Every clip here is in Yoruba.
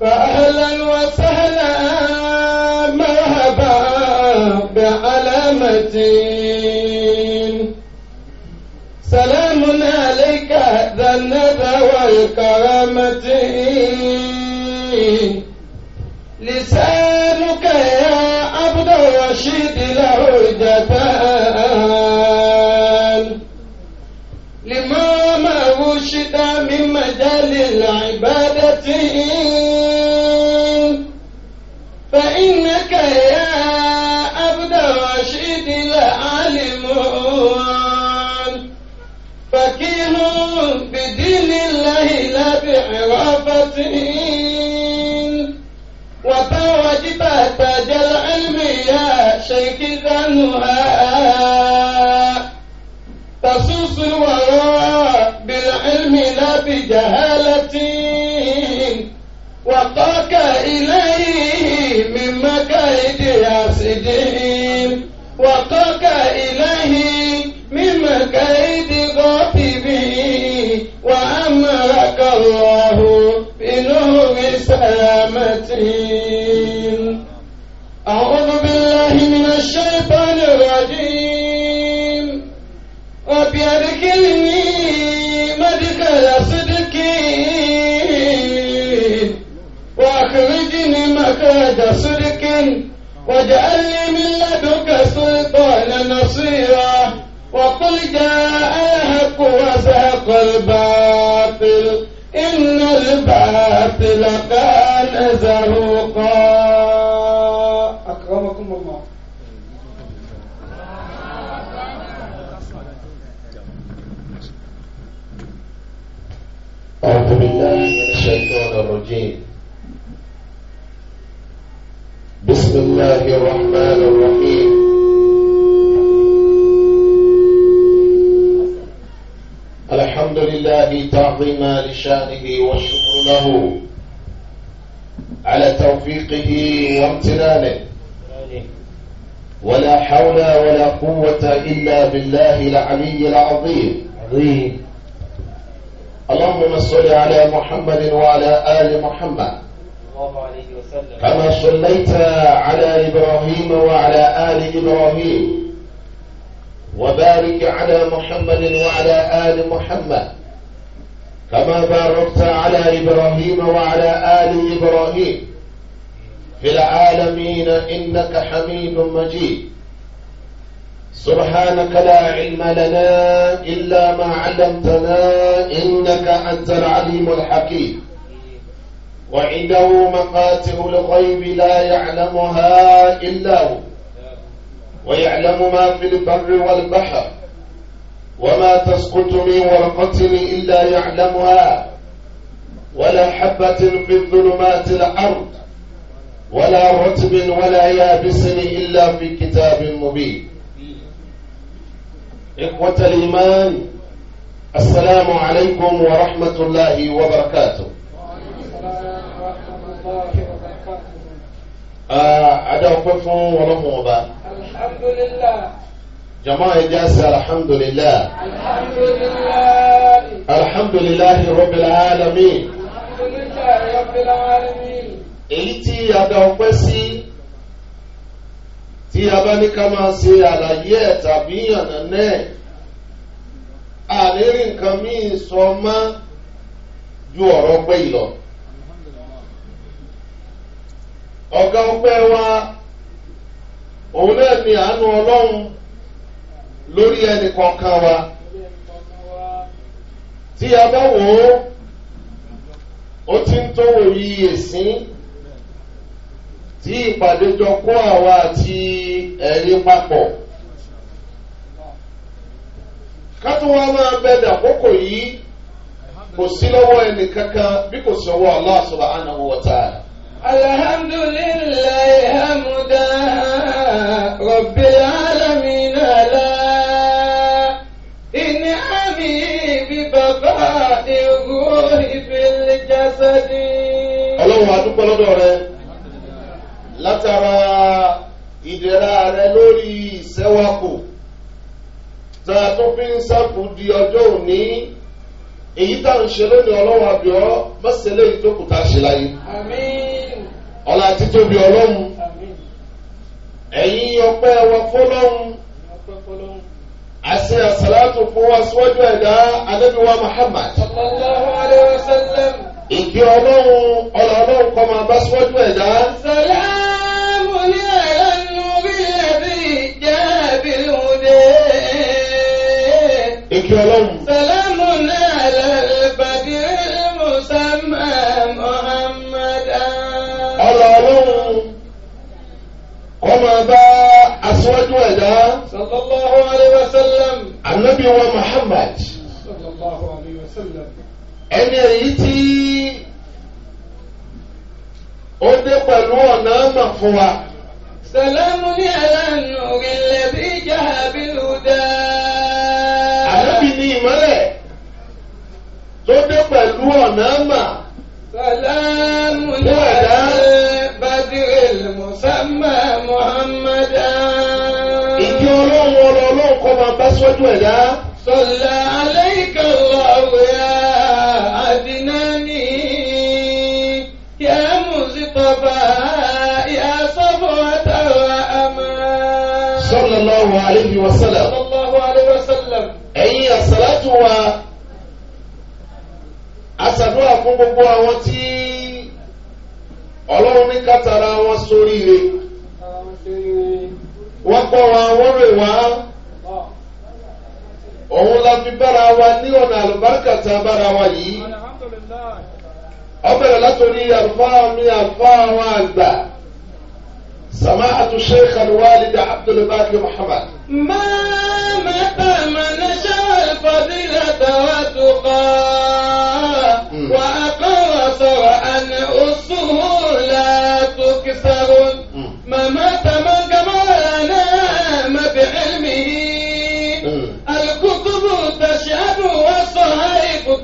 فأهلا وسهلا مرحبا بعلامتين سلام عليك ذا الندى والكرامتين عينها تصوص الورى بالعلم لا بجهالة وقال الحمد لله تعظيما لشانه وشكر له على توفيقه وامتنانه ولا حول ولا قوة إلا بالله العلي العظيم عظيم اللهم صل على محمد وعلى آل محمد كما صليت على إبراهيم وعلى آل إبراهيم وبارك على محمد وعلى آل محمد كما باركت على إبراهيم وعلى آل إبراهيم في العالمين إنك حميد مجيد سبحانك لا علم لنا إلا ما علمتنا إنك أنت العليم الحكيم وعنده مقاتل الغيب لا يعلمها إلا هو ويعلم ما في البر والبحر وما تسقط من ورقة إلا يعلمها ولا حبة في الظلمات الأرض ولا رتب ولا يابس إلا في كتاب مبين إخوة الإيمان السلام عليكم ورحمة الله وبركاته أدعوكم ورحمة الله آه، alhamdulillah. jama ẹja sí alhamdulillah. alhamdulillah. alhamdulillah rabbil alamin. alhamdulillah rabbil alamin. èyí tí a dá ọpẹ́ sí tí a bá ní ká máa ṣe àlàyé ẹ̀ tàbí ọ̀nà náà àlérí nǹkan míì sọ mọ́ ju ọ̀rọ̀ pé ìlọ. ọ̀gá ọpẹ́ wa. òun náà ni àánú ọlọ́run lórí ẹnì kọ̀ọ̀kan wa tí a bá wò ó ó ti ń tó wòye èsín tí ìpàdé jọ kó àwa àti ẹ̀yin papọ̀ ká máa bẹ dàkókò yìí kò sí lọ́wọ́ ẹnì kankan bí kò sọ̀wọ́ aláṣọ àánú الحمد لله حمدا رب العالمين لا إنعمي ببقاء الروح في الجسد ọlọ́run adúpẹ́ lọ́dọ̀ rẹ látara ìdẹ̀ra rẹ lórí ìṣẹ́wàpò tá a tún fi ń sáàpù di ọjọ́ òní èyí tá à ń ṣe lónìí ọlọ́run àbíọ́ mọ́sẹ̀lẹ́ ìjókòó tá a ṣe láyé. àmín ọlá títóbi ọlọ́run ẹ̀yin ọpẹ́ wa fọlọ́run àṣẹ àṣàlátù fún wa síwájú ẹ̀dá adébíwá Muhammad sallallahu alayhi wa sallam ìgbé ọlọ́run ọlọ́ ọlọ́run kọ́ máa bá síwájú ẹ̀dá. sàlámù ní ẹ̀rọ bí ẹbí jẹ́ ẹbí lóde. ìgbé ọlọ́run. sàlámù. aṣíwájú ẹ̀dá. sallallahu alayhi wa sallam. anabi wa muhammad. sallallahu alayhi wa sallam. ẹni èyí tí ó dé pẹ̀lú ọ̀nà àmà fún wa. sàlámù ní aláàánú ilẹ̀ bí jahabi huda. anabi ní ìmọ́lẹ̀ tó dé pẹ̀lú ọ̀nà àmà. sàlámù ní aláàánú badiri musamman. sójú ẹ̀dá. sọlá aláìka lọ́wọ́ ya àdínáni yá mùsítọ́fà yá sọ́fọ́ àtàwà àmà. sallallahu alayhi wa sallam. sallallahu alayhi wa sallam. ẹ̀yin àsàlátù wa àsàdúrà fún gbogbo àwọn tí ọlọ́run ní kátàrà wọn sóríire wọ́n kọ́ wa wọ́n rè wá. fi bára wa ní ọ̀nà àlùbáríkà tá a bára wa yìí. ọbẹ̀rẹ̀ látòrí àlùfáà mi àgbà. الشيخ الوالد عبد الباقي محمد ما متى من نشأ الفضيلة وتقى وأقرص وأن أصول لا تكسر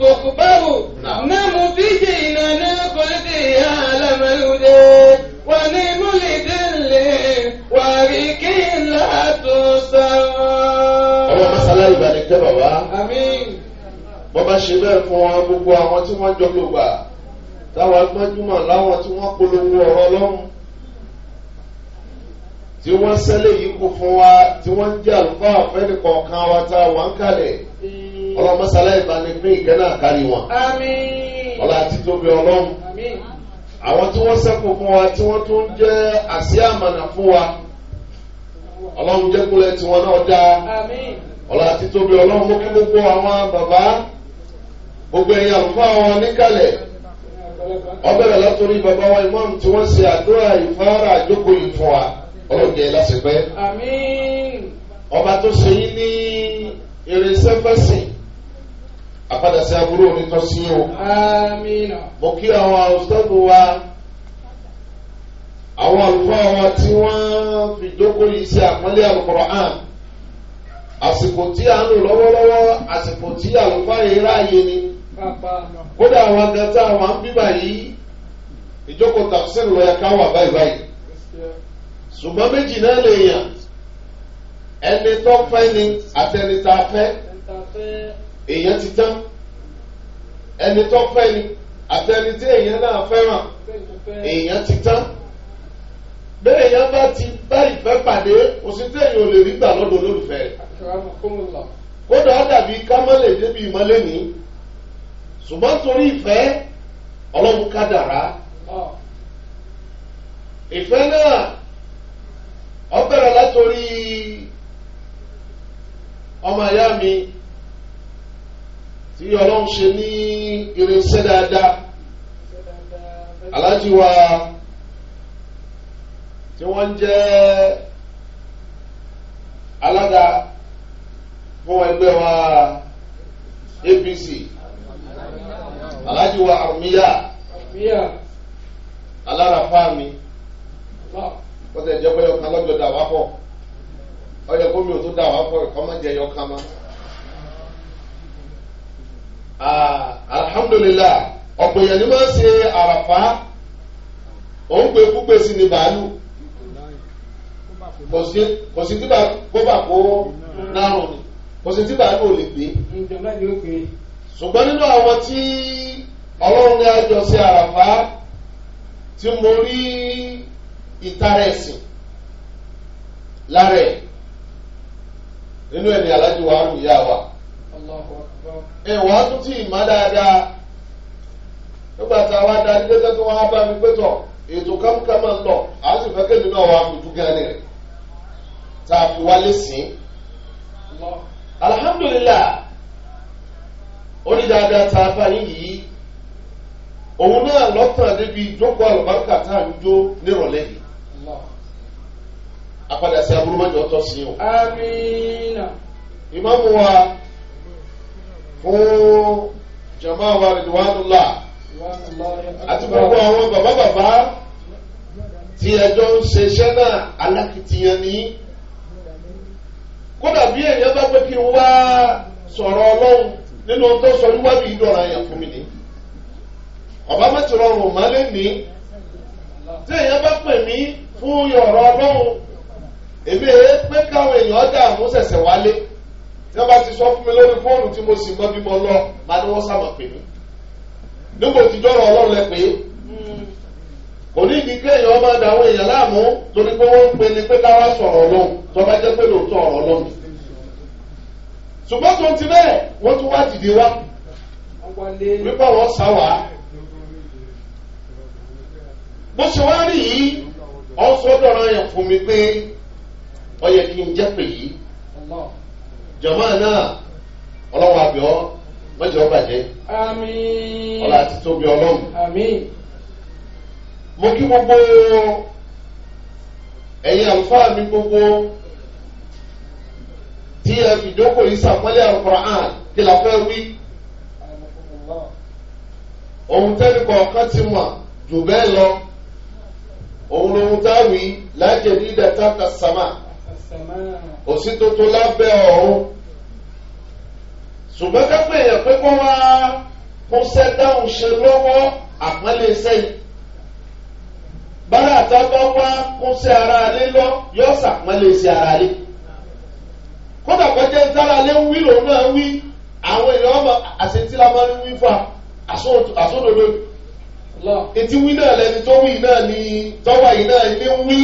تخبر نم بجينا نقل عالم الهدى ونم لدل وريك لا تسرى. ọmọ bá ṣe bẹ́ẹ̀ fún wa gbogbo àwọn tí wọ́n jọ lò gbà táwọn agbájúmọ̀ láwọn tí wọ́n polówó ọ̀rọ̀ ọlọ́run tí wọ́n sẹ́lẹ̀ yìí kú fún wa tí wọ́n jẹ́ àlùfáà fẹ́nìkọ̀ọ̀kan wa tá a wà ń kalẹ̀ ọlọ́run mọ́sálá ìbáni pín ìkẹ́ náà kárí wọn. ọlá àti tóbi ọlọ́run. àwọn tí wọ́n sẹ́kù fún wa tí wọ́n tún jẹ́ àsíá àmànà fún wa ọlọ́run jẹ́kulẹ̀ tiwọn náà dáa ọlá àti tóbi ọlọ́run mú kí gbogbo àwọn bàbá gbogbo ẹ̀yìn àlùfáà wọn níkàlẹ̀ ọbẹ̀rẹ̀ látòrí bàbá wa imam tí wọ́n ṣe àdúrà ìfáàrà àjókò yìí fún wa ọlọ́run jẹ́ lásìpẹ́ ọba tó ṣe yín ní irinṣẹ́ fẹ́sìn àpadà sí aburú òní tọ́ sí o. mo kí àwọn àwòsàgbò wa àwọn àlùfáà wa tí wọ́n fi dókòó yìí sí àpọ́nlé Al-Qur'an àsìkò tí à ń lò lọ́wọ́lọ́wọ́ àsìkò tí àlùfáà yìí ráàyè ni kódà àwọn agata àwọn àbíbà yìí ìjókòó tafsir lọ́yà káwà báyìí báyìí ṣùgbọ́n méjì náà lè yàn ẹni tó fẹ́ ni àtẹnitá èèyàn ti tán ẹni tó fẹ́ ni àtẹni tí èèyàn náà fẹ́ràn èèyàn ti tán bẹ́ẹ̀ èèyàn bá ti bá ìfẹ́ pàdé kò sí téèyàn ò lè rí gbà lọ́dọ̀ olólùfẹ́ rẹ̀ kódà ó dàbí ká débi ìmọ̀lẹ́ ní ṣùgbọ́n torí ìfẹ́ ọlọ́run ká dàrá ah. ìfẹ́ náà ó bẹ̀rẹ̀ látòrí ọmọ ìyá mi tí ọlọ́run ṣe ní irinṣẹ́ dáadáa aláàjì wa tí wọ́n jẹ́ alága fún ẹgbẹ́ wa apc aláàjì wa armiya alára fáàmì wọ́n tẹ̀ jẹ́ pé ọkàn lọ́jọ́ dà wá pọ̀ ọyọ gómìnà tó dà wá pọ̀ ẹ̀kọ́ má jẹ́ ẹyọ kan mọ́. Ah, alhamdulilah ọ̀pọ̀ èèyàn ni máa ń ṣe àràfá òun pé púpẹ̀ sí ni bàálù kò sí tí bàbá kó nárùn ni kò sí tí bàálù ò lè gbé. ṣùgbọ́n nínú àwọn tí ọlọ́run ní àjọ ṣe àràfá tí mo rí ìtara ẹ̀sìn lára ẹ̀ nínú ẹ̀mí alájú wa rùn yá wa. ìwọ̀n tún tí ìmọ̀ dáadáa nígbà tá a wá darí dé wọn á bá mi pétọ̀ ètò kámúkámá ń lọ a sì fẹ́ kéde náà wà fojú gánà rẹ̀ tá a fi wálé sí i. alhamdulilah tá a bá yín yìí òun náà lọ́tàn a ń jó nírọ̀lẹ́ yìí aburú mọ́jọ́ tọ́ wa. fún jama wa ridwanullah àti gbogbo àwọn bàbá bàbá tí ẹjọ́ ń ṣe iṣẹ́ náà alákìtìyàn ní kódà bí èèyàn bá pé kí n wá sọ̀rọ̀ ọlọ́run nínú tó sọ wíwájú ìdọ̀ra yẹn fún mi ní ọba mẹ́tì rọrùn má lé ní tí èèyàn bá pè mí fún yọ̀rọ̀ ọlọ́run èmi èé pé káwọn èèyàn dààmú ṣẹ̀ṣẹ̀ wálé tí wọ́n bá ti sọ fún mi lórí fóònù tí mo sì mọ bí mo lọ bá ní wọ́n sábà pè mí nígbà òtijọ́ ọ̀rọ̀ ọlọ́run lẹ pé kò ní ìdí kí èèyàn máa da àwọn èèyàn láàmú lórí pé wọ́n ń pe ni pé káwá sọ̀rọ̀ ọlọ́run tó bá jẹ́ pé lóòótọ́ ọ̀rọ̀ ọlọ́run ṣùgbọ́n tó ti bẹ́ẹ̀ wọ́n tún wá dìde wá wípé wọ́n sá wá bó ṣe wá rí yìí ọ̀sọ́dọ̀rọ̀ yẹn fún mi pé ó yẹ jẹ́ pè yìí jọ̀mọ́ náà ọlọ́wọ́ àbíọ́ mọ́jọ́ bàjẹ́ ọlá àti tóbi ọlọ́run mo kí gbogbo ẹ̀yin àlùfáà mi gbogbo tí ẹ fìjókòó yìí sàpọ́lẹ̀ àlùkùránì kí la fẹ́ wí ohun tẹ́lẹ̀ kọ̀ọ̀kan ti mọ̀ jù bẹ́ẹ̀ lọ òun lóhun tá a wí lájẹ̀ ní ìdẹ́ta òsì tó tó lábẹ́ ọ̀run ṣùgbọ́n kápẹ́ èèyàn pé kó wá kó sẹ́ dáhùn ṣe lọ́wọ́ àpọ́nlé sẹ́yìn bára àtọ́tọ́ wá kó sẹ́ ara alé lọ yọ sàpọ́nlé sí ara alé kódà kọjá tára alé ń wí lòun náà wí àwọn èèyàn ọmọ àṣetí la máa ń wí fún àsódodo etí wí náà lẹni tó wí náà ni tọ́wà yìí náà ilé ń wí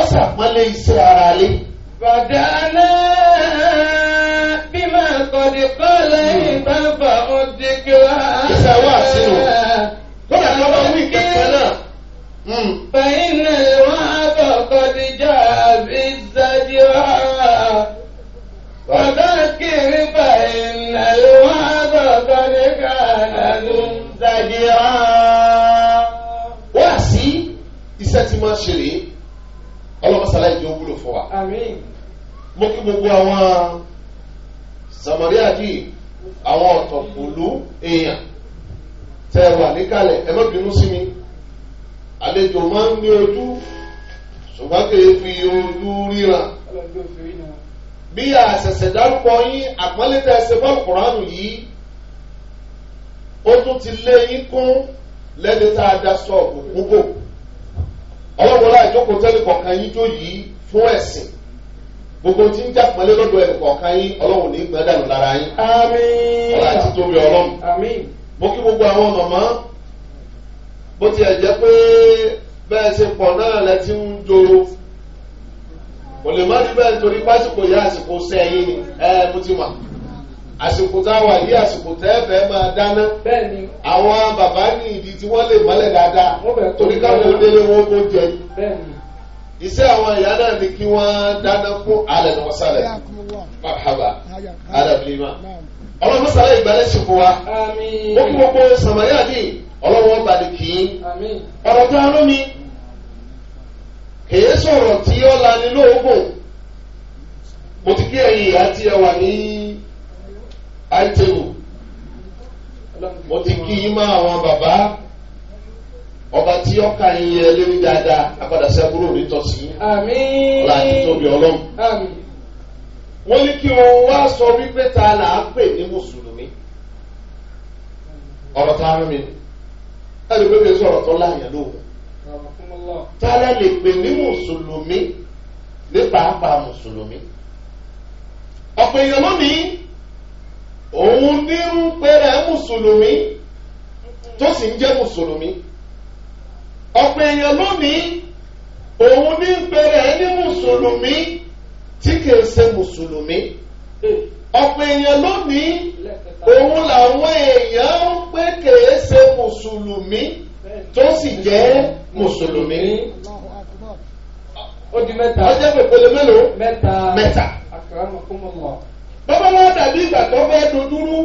ọ̀sàpọ́nlé iṣẹ́ ara alé. bàdánà bímọ kọ̀dí kọ́lẹ̀ ìbáfà ó di kíra. Ìṣe àwọn àṣírò. Kọ́lá kan bá wí kẹ̀kẹ́ náà. Hmm. Fẹ̀yìn náà ni wọ́n á bọ̀ kọ́dí jọ àbí zàdíwá. Wọ́dọ̀ kiri fẹ̀yìn náà ni wọ́n á bọ̀ kọ́dí kàlà ló ń zàdíwá. Wá sí iṣẹ́ tí máa ṣe rèé. Ọlọ́mọ sàlàyé jẹ́ ó fún wa. Mo kí gbogbo àwọn samaria yìí àwọn ọ̀tọ̀ pòlú èèyàn tẹ wà níkàlẹ̀ ẹ má bínú sí mi àlejò máa ń ní ojú ṣùgbọ́n kì í fi ojú ríran bí àṣẹ̀ṣẹ̀ dárúkọ yín àpọ́nlé tẹ́ ṣe bọ́ọ̀lù kùránù yìí ó tún ti lé yín kún lẹ́ni tá a da sọ̀ọ̀bù gbogbo ọlọ́wọ́lá ìjókòó tẹ́lẹ̀ kọ̀ọ̀kan yín tó yìí fún ẹ̀sìn gbogbo tí ń jà pọ́nlé lọ́dọ̀ ẹ̀ kọ̀ọ̀kan yín ọlọ́run ní gbọ́n dànù lára yín. àmín ọlá ti tóbi ọlọ́run. àmín mo kí gbogbo àwọn màmá bó tiẹ̀ jẹ́ pé bẹ́ẹ̀ ṣe pọ̀ náà lẹ ti ń joro kò lè má rí bẹ́ẹ̀ nítorí pásìkò yá àsìkò sẹ́yìn ni ẹ mo ti wà àsìkò táwà yí àsìkò tẹ́ẹ̀fẹ́ máa dáná bẹ́ẹ̀ni àwọn bàbá ní ìdí tí wọ́n lè mọ́lẹ̀ dáadáa torí káwọn òdélé wọn kó jẹ bẹ́ẹ̀ni iṣẹ́ àwọn ìyá náà ni kí wọ́n dáná fún alẹ́ ní wọ́n sálẹ̀ ọlọ́run sálẹ̀ ìgbàlẹ̀ ṣe fún wa ó gbogbo samaria ní ọlọ́run ọba ni kì í ọ̀rọ̀ tó mi kèé sọ̀rọ̀ tí ó mo ti kí ìyá tí ẹ wà ní ọba tí ọkà yín yẹ lórí dáadáa apàdà sẹ́kúrò nítòsí. àmín. ọlá àti tóbi ọlọ́run. àmín. wọ́n ní kí wọ́n wá sọ wípé ta là á pè ní mùsùlùmí. ọrọ tá a mi ẹni pé kí sọ̀rọ̀ tó láàyàn lóhùn. ta la lè pè ní mùsùlùmí ọ̀pọ̀ èèyàn lónìí òun ní pẹ̀rẹ̀ ní mùsùlùmí tí kìí ṣe mùsùlùmí ọ̀pọ̀ èèyàn lónìí òun làwọn èèyàn ń pé kìí ṣe mùsùlùmí tó sì jẹ́ mùsùlùmí. ó di mẹ́ta ó jẹ́ pèpele mélòó mẹ́ta mẹ́ta. bàbá wa dàbí ìgbà tó fẹ́ dodúrú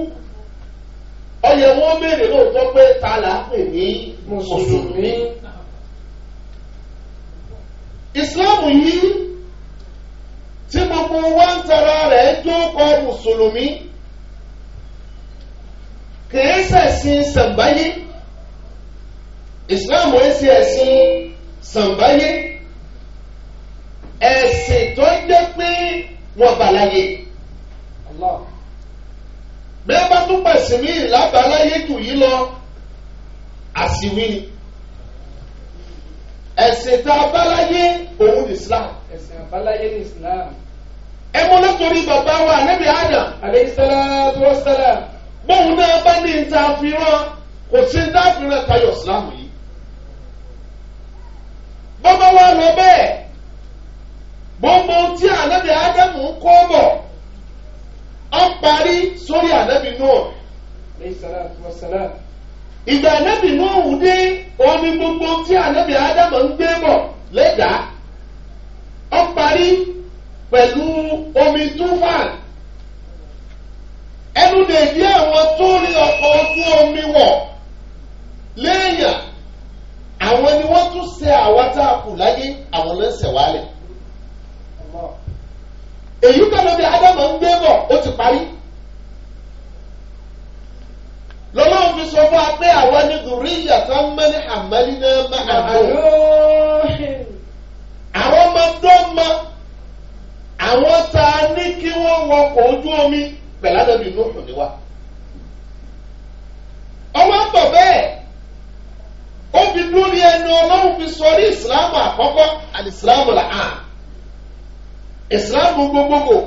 ọyẹ wọn béèrè lóòótọ́ pé ta là ń pè ní mùsùlùmí. Islam yìí tí gbogbo wa ń tara rẹ̀ tó kọ mùsùlùmí kìí ṣẹ̀sìn sàǹbáyé ìsìláàmù ẹ̀sì ẹ̀sìn sàǹbáyé ẹ̀sìn tó jẹ́ pé wọ́n bàláyé bí wọ́n bá tún pẹ̀sìn mí lábàláyé tù yí lọ àsìwí ni ẹ̀sìn tá a bá láyé òun ní islam. ẹ̀sìn àbáláyé ní islam. ẹ mọ nítorí bàbá wa ànábì Adam. alayhi salatu wa salam. bóun náà bá ní níta fìràn kò sí níta fìràn tayọ islam yìí. bàbá wa lọ bẹ́ẹ̀ gbogbo tí ànábì Adam ń kó bọ̀ ọ parí sórí ànábì Nuh. alayhi salatu wa salam ìgbà ànábì Nuhu dé omi gbogbo tí ànábì Ádámù ń gbé bọ̀ lẹ́dàá ó parí pẹ̀lú omi túfàn ẹnu dèbí àwọn tó rí ọkọ̀ ojú omi wọ̀ léèyàn àwọn ni wọ́n tún ṣe àwa tá a kù láyé àwọn ló ń ṣẹ̀wálẹ̀ èyí kan lóbi Ádámù ń gbé bọ̀ ó ti parí lọ́lọ́run fi sọ fún wa pé àwọn ní dùríyà tó ń mẹ́lí àmẹ́lí náà máa bọ̀. àwọn ọmọ dọ́mọ àwọn tá a ní kí wọ́n wọkọ̀ ojú omi pẹ̀lú àdàbí Nuhu ni wa. ọmọ pọ̀ bẹ́ẹ̀ ó fi dúró ẹnu ọlọ́run fi sọ ní ìsìlámù àkọ́kọ́ àti ìsìlámù làá ìsìlámù gbogbogbò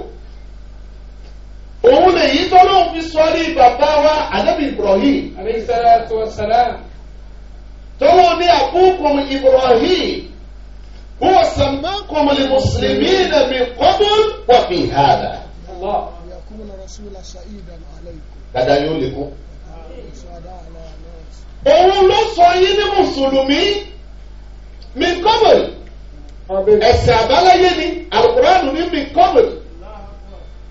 òun lè yí tọ́lọ́hún fi sọ́rí bàbá wa ànábì Ibrahim. alayhi salatu wa salam. tọ́wọ́ ní àbúkùn Ibrahim huwa sammakum lil muslimina min qabl wa fi hada. dada yóò lè kú. òun ló sọ yín ní mùsùlùmí min qabl ẹ̀sẹ̀ àbáláyé ni alukuraanu ní min qabl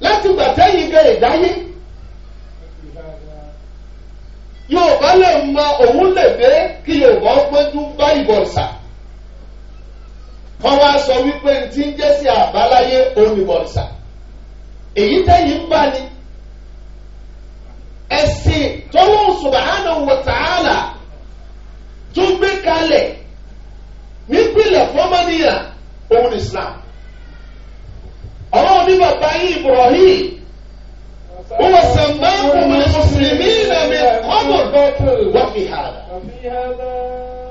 láti gbà tẹ́yìn gan ìdáyé Yorùbá lè mọ òun lè fẹ́ kí Yorùbá pẹ́jú bá ìbọ̀rìṣà kọ́ wá sọ wípé n ti ń jẹ́ sí àbáláyé òun ìbọ̀rìṣà èyí tẹ́yìn ń bá ni ẹ̀sìn tọ́wọ́ subhanahu wa ta'ala tún gbé kalẹ̀ nípìnlẹ̀ fọ́mọ́nìyàn òun Islam ọlọ́run ní bàbá yìí Ibrahim wọ́n sàmbá kùnrin mùsùlùmí nàmi kọ́bọ̀ wọ́n fi hà.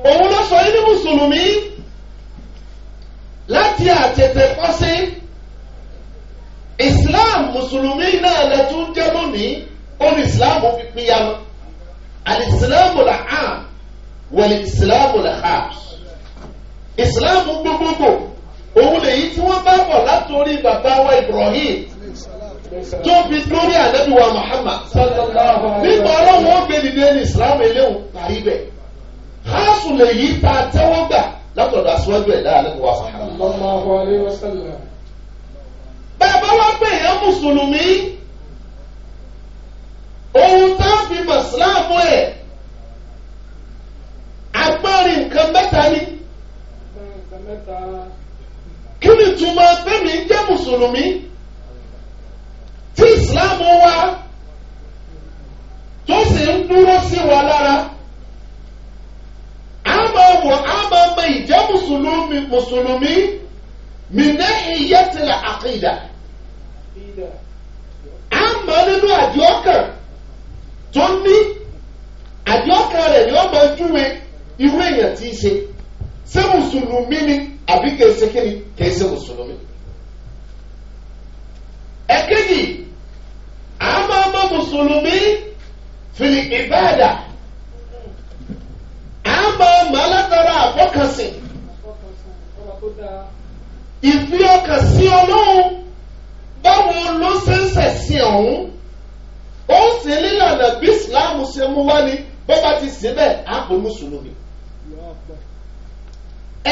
òun ló sọ yín ní mùsùlùmí láti àtètè kọ́sí Islam mùsùlùmí náà lẹ́tún jẹ́ lónìí ó ní Islam fi pínyàmọ́ alìsílámù làám wọ̀lì ìsìlámù làám ìsìlámù gbogbogbò òun lèyí tí wọ́n bá bọ̀ látòrí bàbá wa Ibrahim tó fi lórí ànábì wa Muhammad nípa ọlọ́run ó gbé nìyẹn ní Islam eléwu parí bẹ̀ káàsù lèyí ta tẹ́wọ́ gbà látọ̀dọ̀ aṣọ́jú ẹ̀dá ànábì wa Muhammad. bàbá wa pè é mùsùlùmí ohun tá a fi mọ̀ síláàmù ẹ̀ agbárin nǹkan mẹ́ta ni. nǹkan mẹ́ta kí ni túmọ̀ tẹ́mi ń jẹ́ mùsùlùmí tí ìsìláàmù wa tó sì ń dúró sí wa lára a máa wọ̀ a máa mọ ìjẹ́ mùsùlùmí mùsùlùmí mìíràn ìyẹ́ tilẹ̀ àkìdá a mọ nínú àdìọ́kàn tó ní àdìọ́kàn rẹ̀ ni wọ́n máa júwe irú èèyàn tí í ṣe ṣé ni àbí kìí ṣe kí ni kìí ṣe mùsùlùmí. ẹ̀kejì a máa mọ mùsùlùmí fìlì ìbáàdà a máa mọ alátara àfọkànsìn ìfi ọkàn sí ọlọ́run báwo ló ṣe ń ṣẹ̀sìn ọ̀hún ó sì nílànà bí ìsìláàmù ṣe mú wá ni bó bá ti síbẹ̀ á pè mùsùlùmí.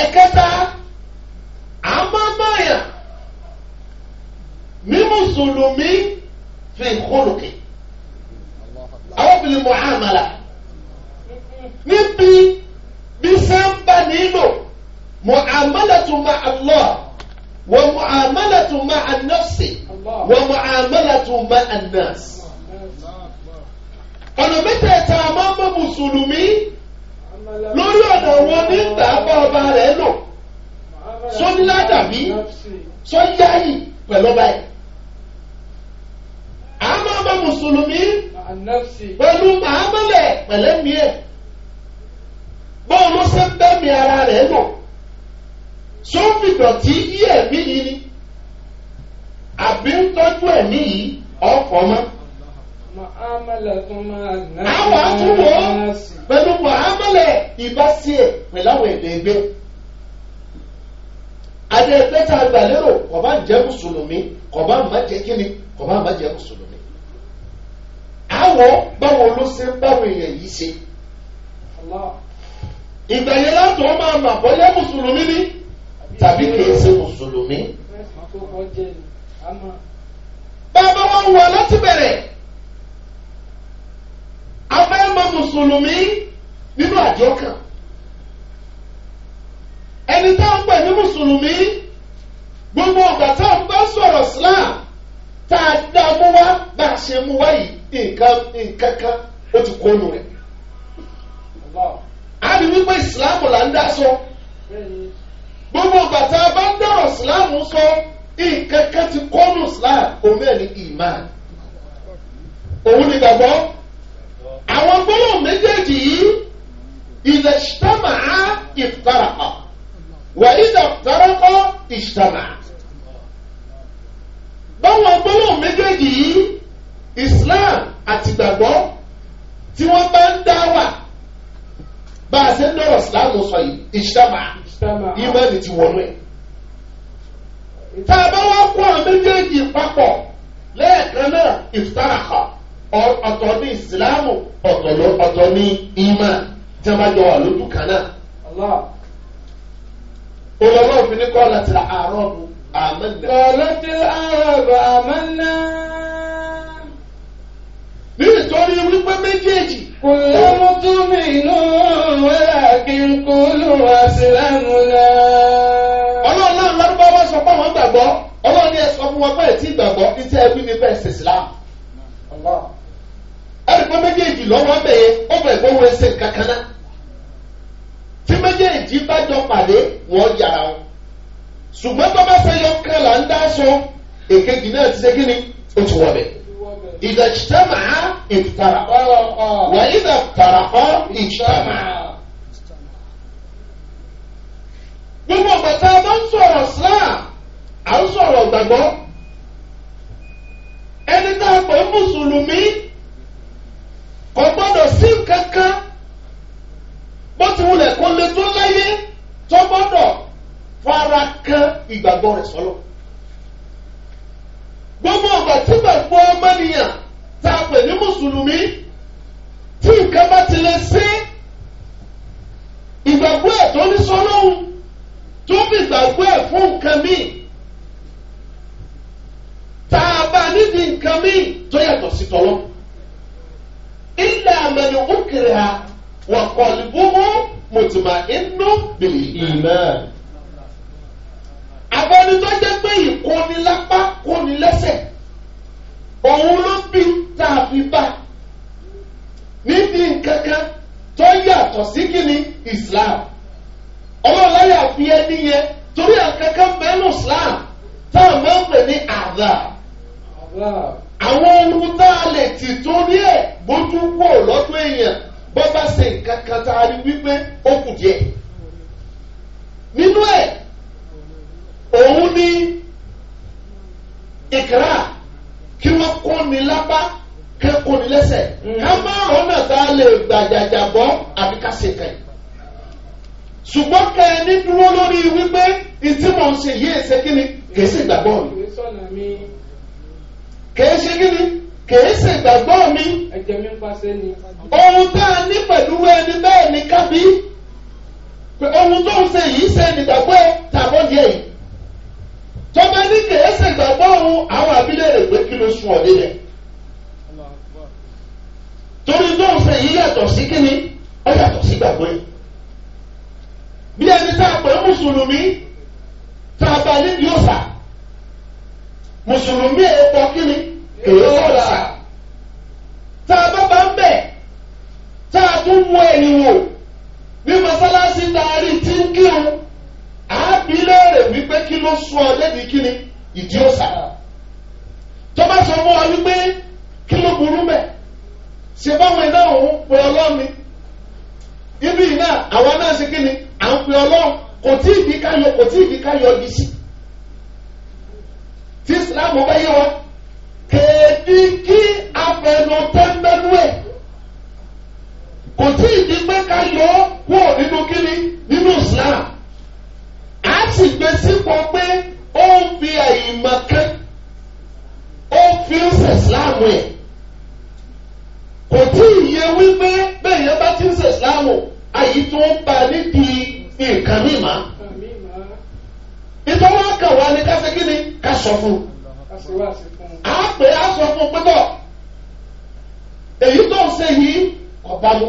ẹ̀kẹta àbábáyà ní mùsùlùmí fi kólùkì àwọn bìlì muhammadu níbi bí sábà nílò mu'amalatu ma Allah wa mu'amalatu ma an-nafsi wa mu'amalatu ma an-nas ọ̀nà mẹ́tẹ̀ẹ̀ta máa ń bọ́ mùsùlùmí lórí ọ̀nà wọn nígbà bá ọba rẹ̀ lò sọ́nílá dàbí sọ́jáyì pẹ̀lú ọba ẹ̀ àmọ́ ọba mùsùlùmí pẹ̀lú màámọ́lẹ̀ pẹ̀lẹ́mí ẹ̀ bọ́ọ̀ ló ṣe ń bẹ́mi ara rẹ̀ nù sófìdọ̀tí yí ẹ̀mí yìí ni àbí ń tọ́jú ẹ̀mí yìí ọkọ̀ mọ́. àwọn àtúwò pẹ̀lú màámọ́lẹ̀ ìbáṣe ẹ̀ pẹ̀láwọ̀ ẹ̀dẹ̀ ẹgbẹ́ adé ẹgbẹ́ tá a gbà lérò kò bá jẹ́ mùsùlùmí kò bá má jẹ́ kíni kò bá má jẹ́ mùsùlùmí. àwọ̀ báwo ló ṣe ń báwo èèyàn yìí ṣe. ìgbà yẹn láti wọ́n máa mà bọ́yá mùsùlùmí ni tàbí kìí ṣe mùsùlùmí. bàbá wọn wà láti bẹ̀rẹ̀ abẹ́ mọ mùsùlùmí nínú àjọ ẹni tá ń pè ní mùsùlùmí gbogbo ọgbà tá ń gbọ́ sọ̀rọ̀ Islam tá a dá mú wá bá a ṣe mú wá yìí nǹkan kan ó ti kó nù rẹ̀ a ní wípé Islam là ń dá sọ gbogbo ọgbà tá a bá ń dọ̀rọ̀ Islam sọ nǹkan kan ti kó nù Islam òun ẹ̀ ní iman òun ni gbàgbọ́ àwọn gbólóhùn méjèèjì yìí ìdẹ̀sítẹ́mà á ìfarahàn. وإذا افترقا اجتمعا báwọn gbólóhùn méjèèjì yìí Islam àti gbàgbọ́ tí wọ́n bá ń dá wà bá a ṣe ń dọ̀rọ̀ Islam sọ yìí ìṣàmà ìmọ̀lì ti wọnú ẹ̀. tá a bá wá kó àwọn méjèèjì papọ̀ lẹ́ẹ̀kan náà ìfitarakọ̀ ọ̀tọ̀ ní Islam ọ̀tọ̀ ní ìmọ̀ tí wọ́n bá jọ wà lójú kan náà. olọ́lọ́ òfin ní kọ́lá ti àárọ̀ bu àmẹ́nà. kọ́lá ti àárọ̀ bu àmẹ́nà. nítorí wípé méjèèjì. kò lọ́mú tó mi inú wẹ́rà kí n kó lù wá sí lẹ́nu náà. ọlọ́run náà lárúbáwá sọ pé àwọn gbàgbọ́ ọlọ́run ní ẹ̀sọ́ fún wọn pé tí méjèèjì bá jọ pàdé wọ́n yàrá wọn ṣùgbọ́n tó bá fẹ́ yọ kan là ń dá sọ èkejì náà ti ṣe kí ni ó ti wọ̀ bẹ̀. ìdàjítàmà ìtara wà ìdà tara ọ́ ìjítàmà. gbogbo ọ̀gbẹ̀ta bá ń sọ̀rọ̀ Islam à ń sọ̀rọ̀ gbàgbọ́ ẹni tá a pè é mùsùlùmí kò gbọ́dọ̀ sí nǹkan bó ti wulẹ̀ kó lè tó láyé tó gbọ́dọ̀ fara kan ìgbàgbọ́ rẹ̀ sọ́lọ́ gbogbo ọgbà tí gbàgbọ́ ọmọnìyàn tá a pè ní mùsùlùmí tí nǹkan bá ti lè sí ìgbàgbọ́ ẹ̀ tó ní sọ́lọ́hún tó fi ìgbàgbọ́ ẹ̀ fún nǹkan míì tá a bá nídìí nǹkan míì tó yàtọ̀ sí tọ́lọ́ ilẹ̀ àmẹ́ni ó kiri ha wà kọ̀lùbùbù mùtùmáínú bìlì ìmọ̀. àwọn ẹni tó jẹ́ pé ìkónilápá kónilẹ́sẹ̀ òun ló bí tá a fi bá níbi nǹkan kan tó yàtọ̀ sí kíni Islam ọlọ́láyà fi ẹni yẹn torí àkẹ́kẹ́ mẹ́nu Islam tá a máa ń pè ní àdá àwọn ohun tá a lè tì torí ẹ̀ bójú kúrò lọ́dún èèyàn bó bá ṣe nǹkan kan tá a rí wípé ó kù díẹ̀ nínú ẹ̀ òun ní ìkàrà kí wọ́n kó ni lápá kí wọ́n kó ni lẹ́sẹ̀ mm. ká má ọ̀nà tá a lè gbàjàjà bọ́ àbí ká ṣe kàn yìí ṣùgbọ́n kẹ́ ẹ ní dúró lórí wípé ìtí mò ń ṣe yí èsè kí ni kìí ṣe ìgbàgbọ́ mi kìí ṣe kí ni kìí ṣe ìgbàgbọ́ mi. ẹ̀jẹ̀ mi ń pa sẹ́ni. ohun tá a ní pẹ̀lú ẹni bẹ́ẹ̀ ni kábí ohun tó ń ṣe yìí ṣe nígbàgbọ́ tàbọ̀ díẹ̀ yìí tọ́ba ní kèé gbàgbọ́ ohun àwọn àbílẹ̀ rẹ̀ pé kí ló sun ọ̀dẹ yẹn torí tó ń ṣe yìí yàtọ̀ sí kíni ó yàtọ̀ sí gbàgbọ́ yìí bí ẹni tá a pè é mùsùlùmí tá a bá níbi mùsùlùmí kíni tá a tá a tún mú ẹ̀yìn wò bí mọ́sálásí taari ti ń kírun àábí léèrè wípé kí ló sún ọ lẹ́bi kíni ìdí òsà tó bá sọ fún ọ wípé kí ló burú mẹ́ ṣe báwọn iná òun pè ọlọ́mi ibi náà àwa náà ṣe kíni à ń pè ọlọ́run kò tí ì kíkà yọ kò tí ì kíkà yìí sí tí Islam bá yé wa kéèdì kí abẹnú tẹ́ńbẹ́nú ẹ̀ kò tí ì di pé ká yọ ọ́ kúrò nínú kíní nínú Islam a sì gbé sípò pé ó ń fi àyìnbá kan ó fi ń ṣe Islam ẹ̀ kò tí ì yẹ wípé bẹ́ẹ̀ yẹn bá ti ń ṣe Islam àyí tó ń ba nídìí nǹkan mímá ìtọ́wọ́ kan wà ní kásẹ̀ kíni ká sọ fún a pè é a sọ fún un èyí tó ń ṣe ọ̀bá mu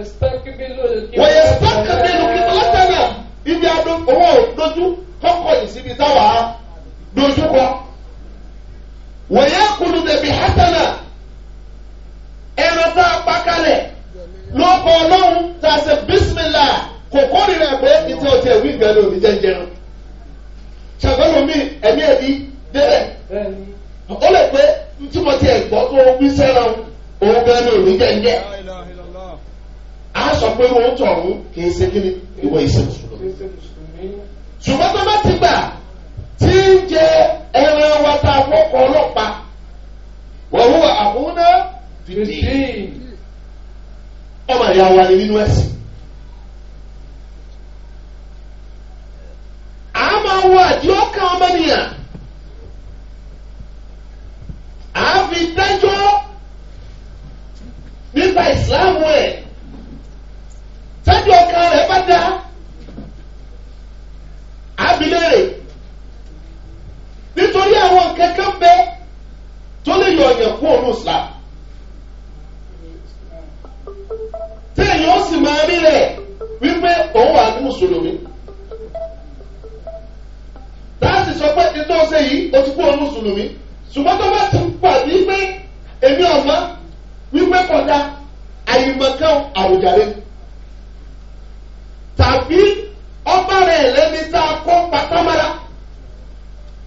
wọ́n yẹ sákàbílù kí lọ́sẹ̀lẹ̀ ibi owó dojú kọ́kọ́ yìí síbi táwa dojú kọ́ wọ́n yẹ kulu bẹ̀bí hasana ẹran tá a pa kalẹ̀ lọ́kọ̀ ọlọ́run tá a ṣe bísímìlà kòkó rírà pé ìtẹ́ ọtí ẹ̀wí ìgbẹ́ lórí jẹjẹrẹ ṣàgbọ́n mi ẹ̀mí ẹ̀mí débẹ̀ ó lè pé ntí mo ti ẹ̀ gbọ́ tó wí sẹ́ran òun gan ni òní jẹ́ ń jẹ́ a sọ pé wọn tọ̀ ọ̀hún kì í ṣe kí ni ìwọ ìṣe mùsùlùmí. ṣùgbọ́n tó bá ti gbà tí ń jẹ ẹran wa tá a wọ́kọ̀ ọlọ́pàá wọ́n wọ àbúrò fìdí ọmọ ìyá wa ni nínú ẹ̀sìn. mùsùlùmí ṣùgbọ́n tó bá ti pàdé pé èmi ọ̀mọ́ wípé kọ̀dá àyìnbọ̀kan àwùjáde tàbí ọba rẹ̀ lẹ́ni tá a kọ́ pátámára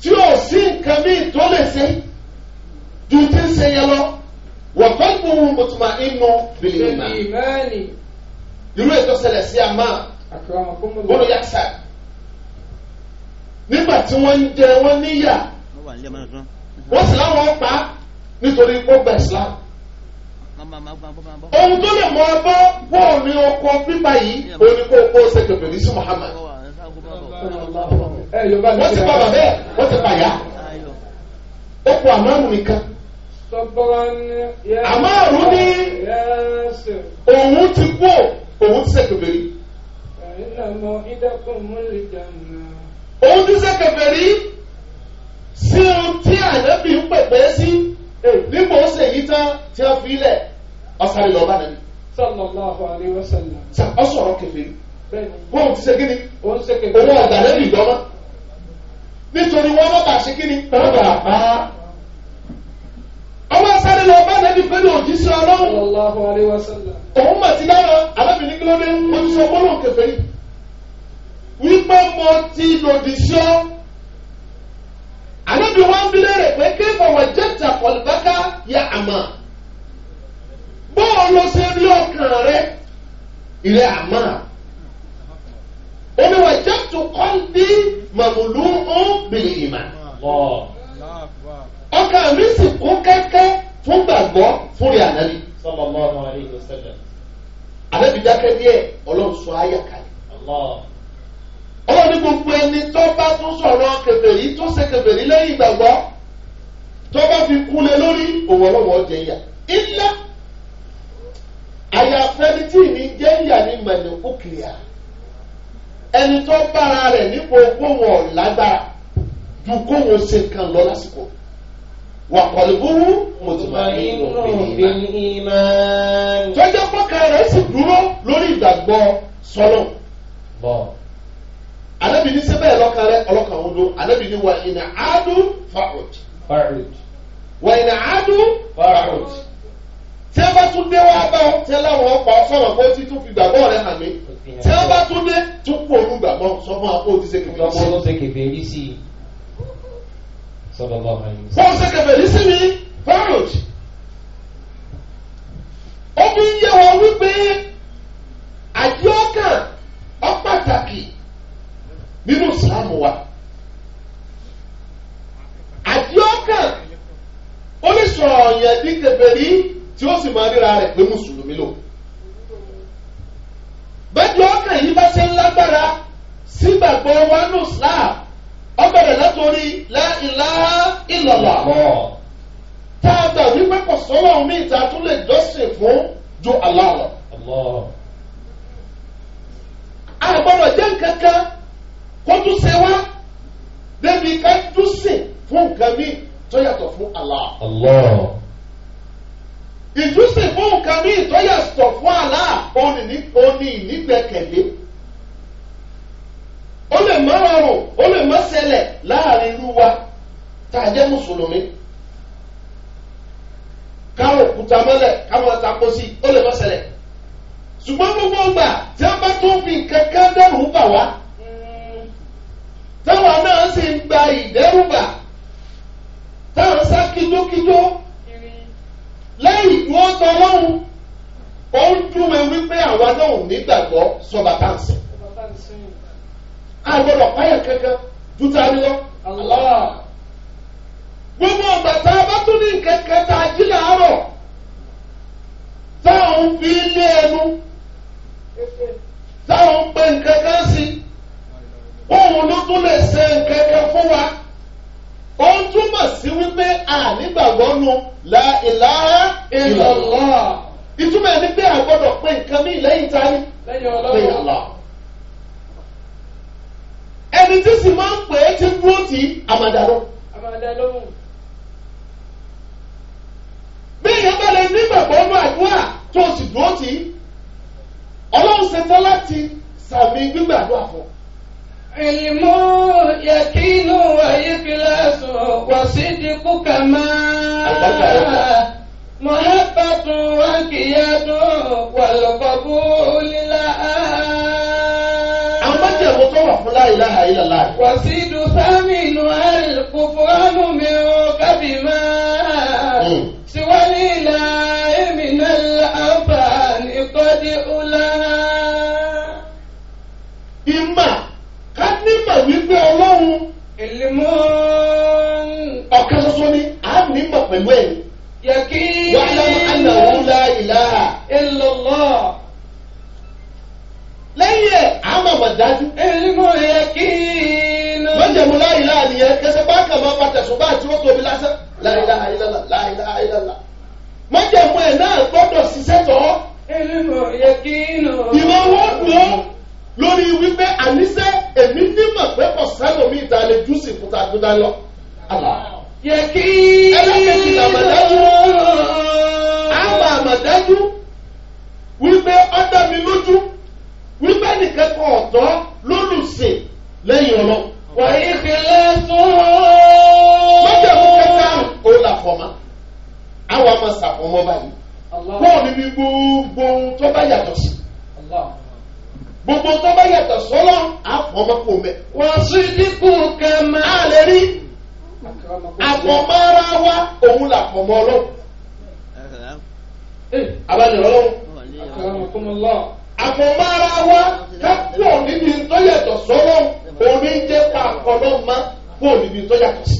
tí ò sí nǹkan míì tó lè ṣe ju tí ń ṣe yẹn lọ wọ́n fẹ́ mú un inú bìnnìmá irú ètò ṣẹlẹ̀ sí àmà bọ́lú yàtọ̀ nígbà tí wọ́n ń jẹ wọ́n níyà wọ́n sì láwọn pa nítorí ó gba islam ohun tó lè mọ ọgbọ́n bọ́ọ̀ ní ọkọ̀ pípa yìí oníkó kó sẹ́kẹ̀bẹ̀ ní sí Muhammad wọ́n ti pa bàbá ẹ̀ wọ́n ti pa yá ó kó àmọ́rùn nìkan àmọ́rùn ní òun ti kú òun ti sẹ́kẹ̀bẹ̀ rí òun ti sẹ́kẹ̀bẹ̀ rí pè é sí eh, nígbà ó ṣèyí tán tí wọ́n fi ilẹ̀ ọ̀sán ilẹ̀ ọba nàní. sallallahu alaihi wasallam. ọ̀sọ̀rọ̀ kẹfẹ́ wọn ti ṣe kíni owó ọ̀gá lẹ́nu ìdọ́mọ́ nítorí wọn bá bá ṣe kíni wọn bá bá ọmọ sáré lọ bá lẹ́nu pẹ̀lú òjíṣẹ́ ọlọ́run òun mà ti dára alábìnrin kí ló ti sọ gbọ́dọ̀ kẹfẹ́ wípé mo ti lòdì sí ọ ànábi wọn bí léèrè pé kí fọwọ́ jẹ́ta kọlbákà yà àmà bọ́ọ̀ lọ sí ilé ọkàn rẹ ilé àmà omi wà jẹ́tu kọ́ńdí màmúlú ń bìrì ìmà ọkàn mi sì kún kẹ́kẹ́ fún gbàgbọ́ fún rí ànábi. sallallahu alaihi wasallam ànábi dákẹ́ díẹ̀ ọlọ́run sọ ayà kalẹ̀ ọlọ́run ní gbogbo ẹni tó bá tún sọ̀rọ̀ kèfèrí tó ṣe kèfèrí lẹ́yìn ìgbàgbọ́ tó bá fi kúlẹ̀ lórí òun ọlọ́wọ́ jẹ ìyà ilá àyàfẹ́ni tí ìní jẹ́ ìyà ní mẹ̀lẹ́ òkìlíà ẹni tó bára rẹ̀ nípò gbóhùn ọ̀lágbára ju kóhùn ṣe kan lọ lásìkò wàkọ̀lùbúrú mùtùmáìnù bìnnìmá tọ́jà pọ́kà rẹ̀ sì dúró lórí ìgbàgbọ́ sọ́lọ́ anabi ní sẹ́bẹ̀ ẹ̀ lọ́kàn rẹ ọlọ́kàn wọn ló anabi ní wa ìnà àádú fàrùt. fàrùt. wa ìnà àádú fàrùt. tí a bá tún dé wá bá ọ tí a láwọn ọkọ sọ̀rọ̀ kó tí tún fi gbàgbọ́ rẹ hàn mí tí a bá tún dé gbàgbọ́ sọ fún wa o ti ṣe kékeré sí. lọ́wọ́ ló ṣe kékeré sí i. sọlọ́lá ọ̀hún. kó o ṣe kékeré sí mi fàrùt. ó fi yẹ wọn wípé àjọ ọ pàtàkì nínú ìsìlámù wa àdìọ́kàn ó lè sọ ọ̀yàn ní kèfèrí tí ó sì máa ríra rẹ̀ pé mùsùlùmí lò bẹ́ẹ̀ ọkàn yìí bá ṣe ń lágbára sí gbàgbọ́ wa nù islam ọgbẹ̀rẹ̀ látòrí la ilaha illallah tá a gbà wípé kò sọ́wọ́ omi ìta tó lè jọ́sìn fún ju Allah lọ. a gbọ́dọ̀ jẹ́ nǹkan kan kó tún ṣe wá débi ká tún sìn fún nǹkan míì tó yàtọ̀ fún Allah. Allah. ìjúsìn fún nǹkan míì tó yàtọ̀ fún Allah òní ìnígbẹ́kẹ̀lé ó lè má rọrùn ó lè má ṣẹlẹ̀ láàrin irú wa tá a jẹ́ mùsùlùmí káwọn òkúta mọ́lẹ̀ káwọn tako sí ó lè má ṣẹlẹ̀ ṣùgbọ́n gbogbo ọgbà tí a bá tó fi nǹkan dẹ́rù bà wá táwọn náà sì ń gba ìdẹ́rùbà táwọn ń sá kíjókíjó lẹ́yìn ìdúró tọ́lọ́hún ó ń dúnmọ̀ wípé àwa náà ò ní gbàgbọ́ sọba táǹsì. àgbọ̀dọ̀ páyà kankan dúta ni lọ. gbogbo ọgbà tá a bá tún ní kẹ̀kẹ́ tá a jí làárọ̀ táwọn fi lé ẹnu táwọn pe nǹkan kan sí i òun ló tún lè ṣe nǹkan kan fún wa ó ń túmọ̀ sí wípé ànígbàgbọ́ nu la ìlàhà illallah ìtumọ̀ ẹni pé àgbọ́dọ̀ pé nǹkan mí lẹ́yìn tani lẹ́yìn Allah ẹni tí sì máa ń pè é ti dúró tì í àmàdàlọ́. bí èèyàn bá lè nígbàgbọ́ nu àdúrà tó o sì dúró tì í ọlọ́run ṣe tán láti sàmì gbígbàdúrà fún un. علم يقين وإخلاص وصدق كما محبة وكياد والقبول لها أمتى وطوح لا إله إلا الله وصيد ثامن الكفران من قبل ما tóbi lásán láìlá àìlọ́lá láìlá àìlọ́lá májẹ̀mú ẹ̀ náà gbọ́dọ̀ ṣiṣẹ́ tọ́. ìmọ̀ wọn lò ó lórí wípé àníṣe èmi nímọ̀ pé kò sẹ́lòmí ìdálé jù sí ìkúta gbúdá lọ. yẹ̀kí ẹlẹ́kẹ̀kì làmàdájú àwọn àmàdájú wípé ọ̀dà mi lójú wípé nìkan kan ọ̀tọ̀ lólùsìn lẹ́yìn ọlọ́. wàyí fi lẹ́sùn ọmọ àwọn ọmọ sàpọ̀ ọmọ báyìí bọ́ọ̀ ni bí gbogbo ohun tó bá yàtọ̀ sí gbogbo tó bá yàtọ̀ sọ́lọ́ àpọ̀ kò mẹ́. wọ́n sì dínkù kẹ́mẹ́. a lè rí àpọ̀mọ́ ara wa òun làpọ̀mọ́ ọlọ́run. Eh, abájọ ọlọ́run àpọ̀mọ́ ara wa kápọ̀ níbi tó yàtọ̀ sọ́lọ́ òun ní jẹ́ pa àkọ́lọ́ mọ́ bóò níbi tó yàtọ̀ sí.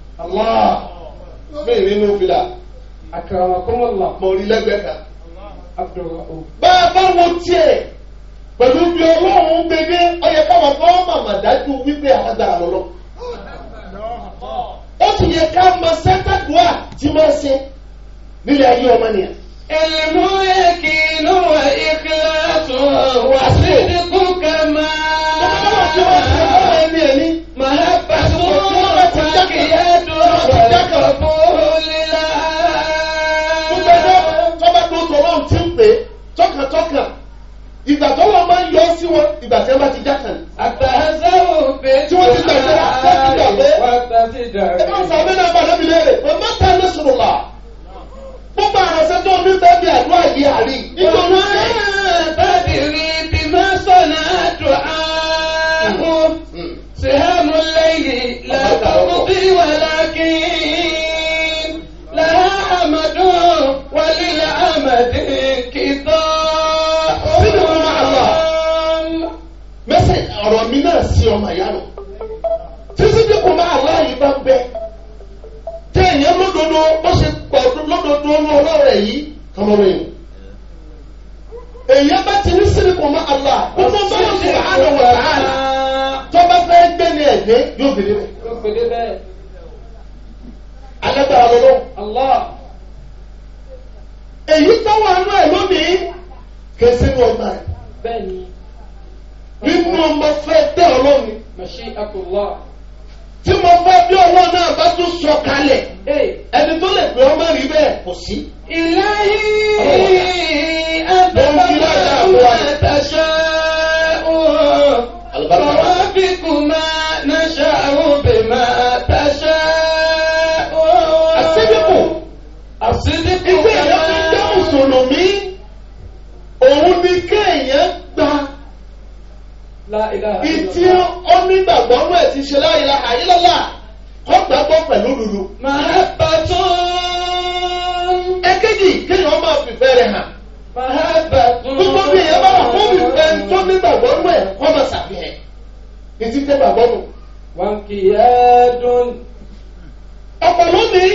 Allah mẹ́rin nínú fìlà àkàràwọ̀ kọ́mọ̀lá pọ̀rí lẹ́gbẹ̀ẹ́ta bàbá wo tiẹ̀ pẹ̀lú bí ọlọ́run gbẹdẹ ọyẹ káwọn fọwọ́ màmá dájú wípé àgbàrá lọ́lọ́ ó sì yẹ ká máa sẹ́tàdùá tí máa ṣe nílẹ̀ ayé ọmọ nìyà. ẹ̀rọ ẹ̀k ìgbà tí wọ́n bá ti jákàn. àtàzẹ́wò pé tí wọ́n ti gbàgbé láti gbàgbé. ẹgbẹ́ ìsàmì náà bá lóbi léèrè wọ́n mọ́ta ní sùnùlà. gbogbo àrùn sẹ́tọ̀ mi bẹ́ẹ̀ bí àdúrà yìí àrí nítorí nnome èyí bá ti ní sílíkùn mọ́ àlá gbogbo báyọ̀ sí àánú wọ̀ láàlá tó bá fẹ́ gbé ní ẹ̀gbẹ́ yóò gbé débẹ̀. alẹ́ gbàgbọ́ lọ. èyí táwọn àánú ẹ̀ lónìí rẹ̀. nínú ọmọ bí ọwọ́ náà bá tún إلهي أبلغ ما تشاء ووافق ما نشاء بما تشاء الصدق الصدق كما mùsùlùmí òun ni kéèyàn gba ìtí onígbàgbọ́ ọ̀rọ̀ ẹ̀ ti ṣe láìla àyílọ́lá kọ́ gbàgbọ́ pẹ̀lú lulu. màá bàtọ́ ẹ̀kejì kéèyàn máa fi bẹ̀rẹ̀ hàn gbogbo bí èèyàn bá wà fún mi ẹni tó ní gbàgbọ́ nù ẹ̀ wọ́n máa ṣàfihàn ètí tẹ́ gbàgbọ́ nù. wọn kì í ẹ́ dún. ọ̀pọ̀lọ́ mi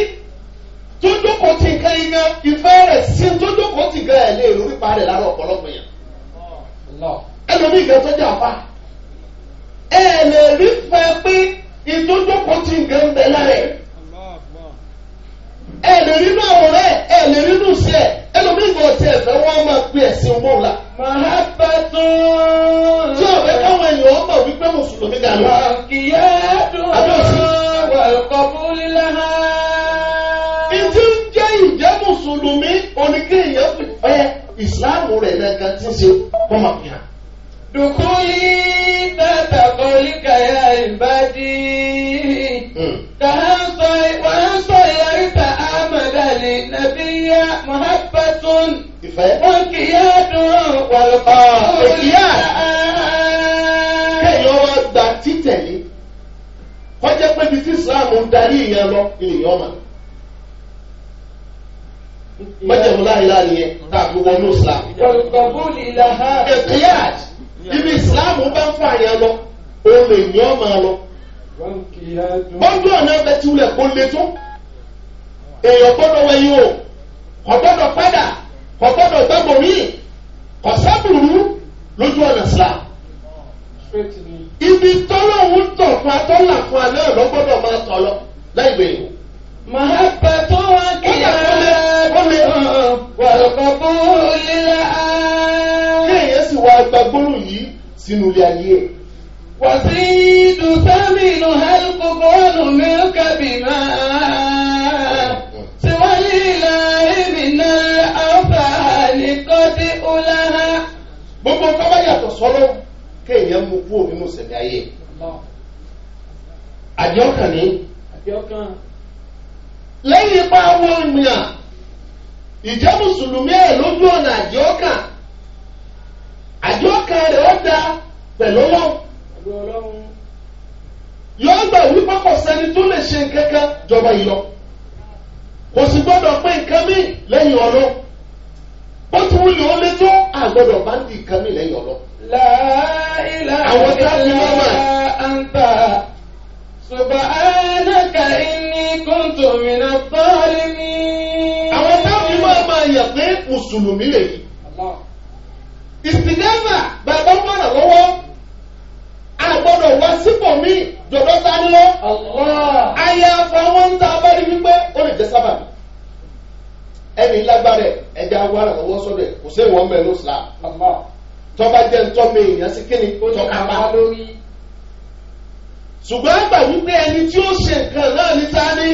tó jókòó ti nǹkan yín gan ìfẹ́ rẹ̀ sí tó jókòó ti gan ẹ̀ lé lórí parẹ́ lára ọ̀pọ̀lọpọ̀ yẹn. ẹlòmíì gan tó jà pa ẹ lè rí fẹ́ pé ìtójókòó ti gan bẹ̀ lára ẹ̀ ẹ lè rí inú àwòrán ẹ ẹ lè rí inú sí ẹlòmíì gbọ́ ti ẹ̀fẹ́ wọn máa pe ẹ̀sìn owó la. màá bẹ tún. tí ọ̀rẹ́ káwọn èèyàn ọmọ wípé mùsùlùmí dànù. kìyà dùn wà ẹ̀kọ́ fúnlẹ̀ ha. ìdí ń jẹ́ ìjẹ́ mùsùlùmí oníkéèyàn fi fẹ́ ìsìláàmù هي محبة وانقياد والقاء انقياد kéèyàn máa gba títẹ̀lé kọjá pé bíi tí Islam ń darí ìyẹn lọ ènìyàn mà mọ́jẹ̀mú láìláà nìyẹn tá a fi wọnú Islam. ìkìyàd ibi Islam bá ń fà yẹn lọ òun ènìyàn máa lọ. bọ́ńdù ọ̀nà ẹgbẹ́ tí wúlẹ̀ kó le tó èèyàn gbọ́dọ̀ wẹ̀yìn o kọ̀gbọ́dọ̀ padà kọ̀gbọ́dọ̀ gbàgbọ́ mi kọ̀sábùrú lójú ọ̀nà sílá. ibi tọ́lọ́hún tọ̀ fún atọ́là fún alẹ́ ọ̀lọ́gbọ́dọ̀ máa tọ̀ lọ láì bẹ̀rẹ̀ màá pẹ́ tó wá kí kéèyàn sì wá agbagbóró yìí sínú ilé ayé ẹ. wàsíìdù sámìnù hẹ́lùkù bọ́ọ̀lù mílíkà bìnnà tiwálé ìlànà. gbogbo tó bá yàtọ̀ sọ́lọ́ kéèyàn mú kúrò nínú sẹ̀mí ayé àdìọ́kàn ni lẹ́yìn ipa àwọn ènìyàn ìjẹ́ mùsùlùmí ẹ̀ lójú ọ̀nà àdìọ́kàn àdìọ́kàn rẹ̀ ó da pẹ̀lú ọlọ́run yóò gbà wípé kò sẹ́ni tó lè ṣe nǹkan kan jọba yìí lọ kò sì gbọ́dọ̀ pé nǹkan míì lẹ́yìn ọlọ́run ó ti wúlò ó lé tó àgbọ̀dọ̀ bá ń di ìkan mi lẹ́yìn ọ̀lọ́. láìla àwọn tá a fi máa mà. àǹtà ṣùgbọ́n àánàkà ìní kóńtò mìíràn bọ́ọ̀lì mi. àwọn tá a fi máa máa yà pé mùsùlùmí lè yí. ìsìnẹ́fà bàbá mọ̀ràn lọ́wọ́ àgbọ̀dọ̀ wá sípò mi jọ̀dọ̀ sáré lọ. àyàfọ̀ wọn ń ta abárí wípé ó lè jẹ́ sábàbí ẹni lágbára ẹja wàrà lọ́wọ́ sọ́dọ̀ ẹ̀ kò sí ìwọ̀n mẹ́rin islam tọ́ba jẹ́ ntọ́mi èèyàn sí kíni tọ́ka bá lórí. ṣùgbọ́n àgbà wípé ẹni tí ó ṣe nǹkan náà ní sáni.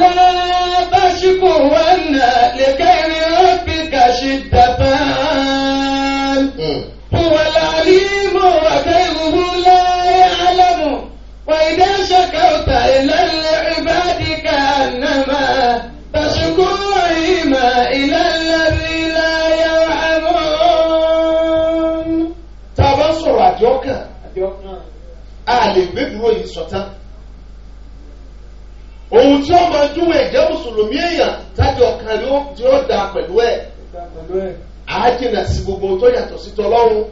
lábàṣípò wọn lè kẹrin rẹ́pì kàṣí dàbà. Huwa al-alimu wa ghayruhu la ya'lamu wa idha shakawta ila al-'ilmi a lè gbé dúró yìí sọ̀tán ohun tí ó máa dún ẹ̀jẹ̀ mùsùlùmí èèyàn tájọ kan ni ó ti ó da pẹ̀lú ẹ̀ á jìnà sí gbogbo ohun tó yàtọ̀ sí tọlọ́run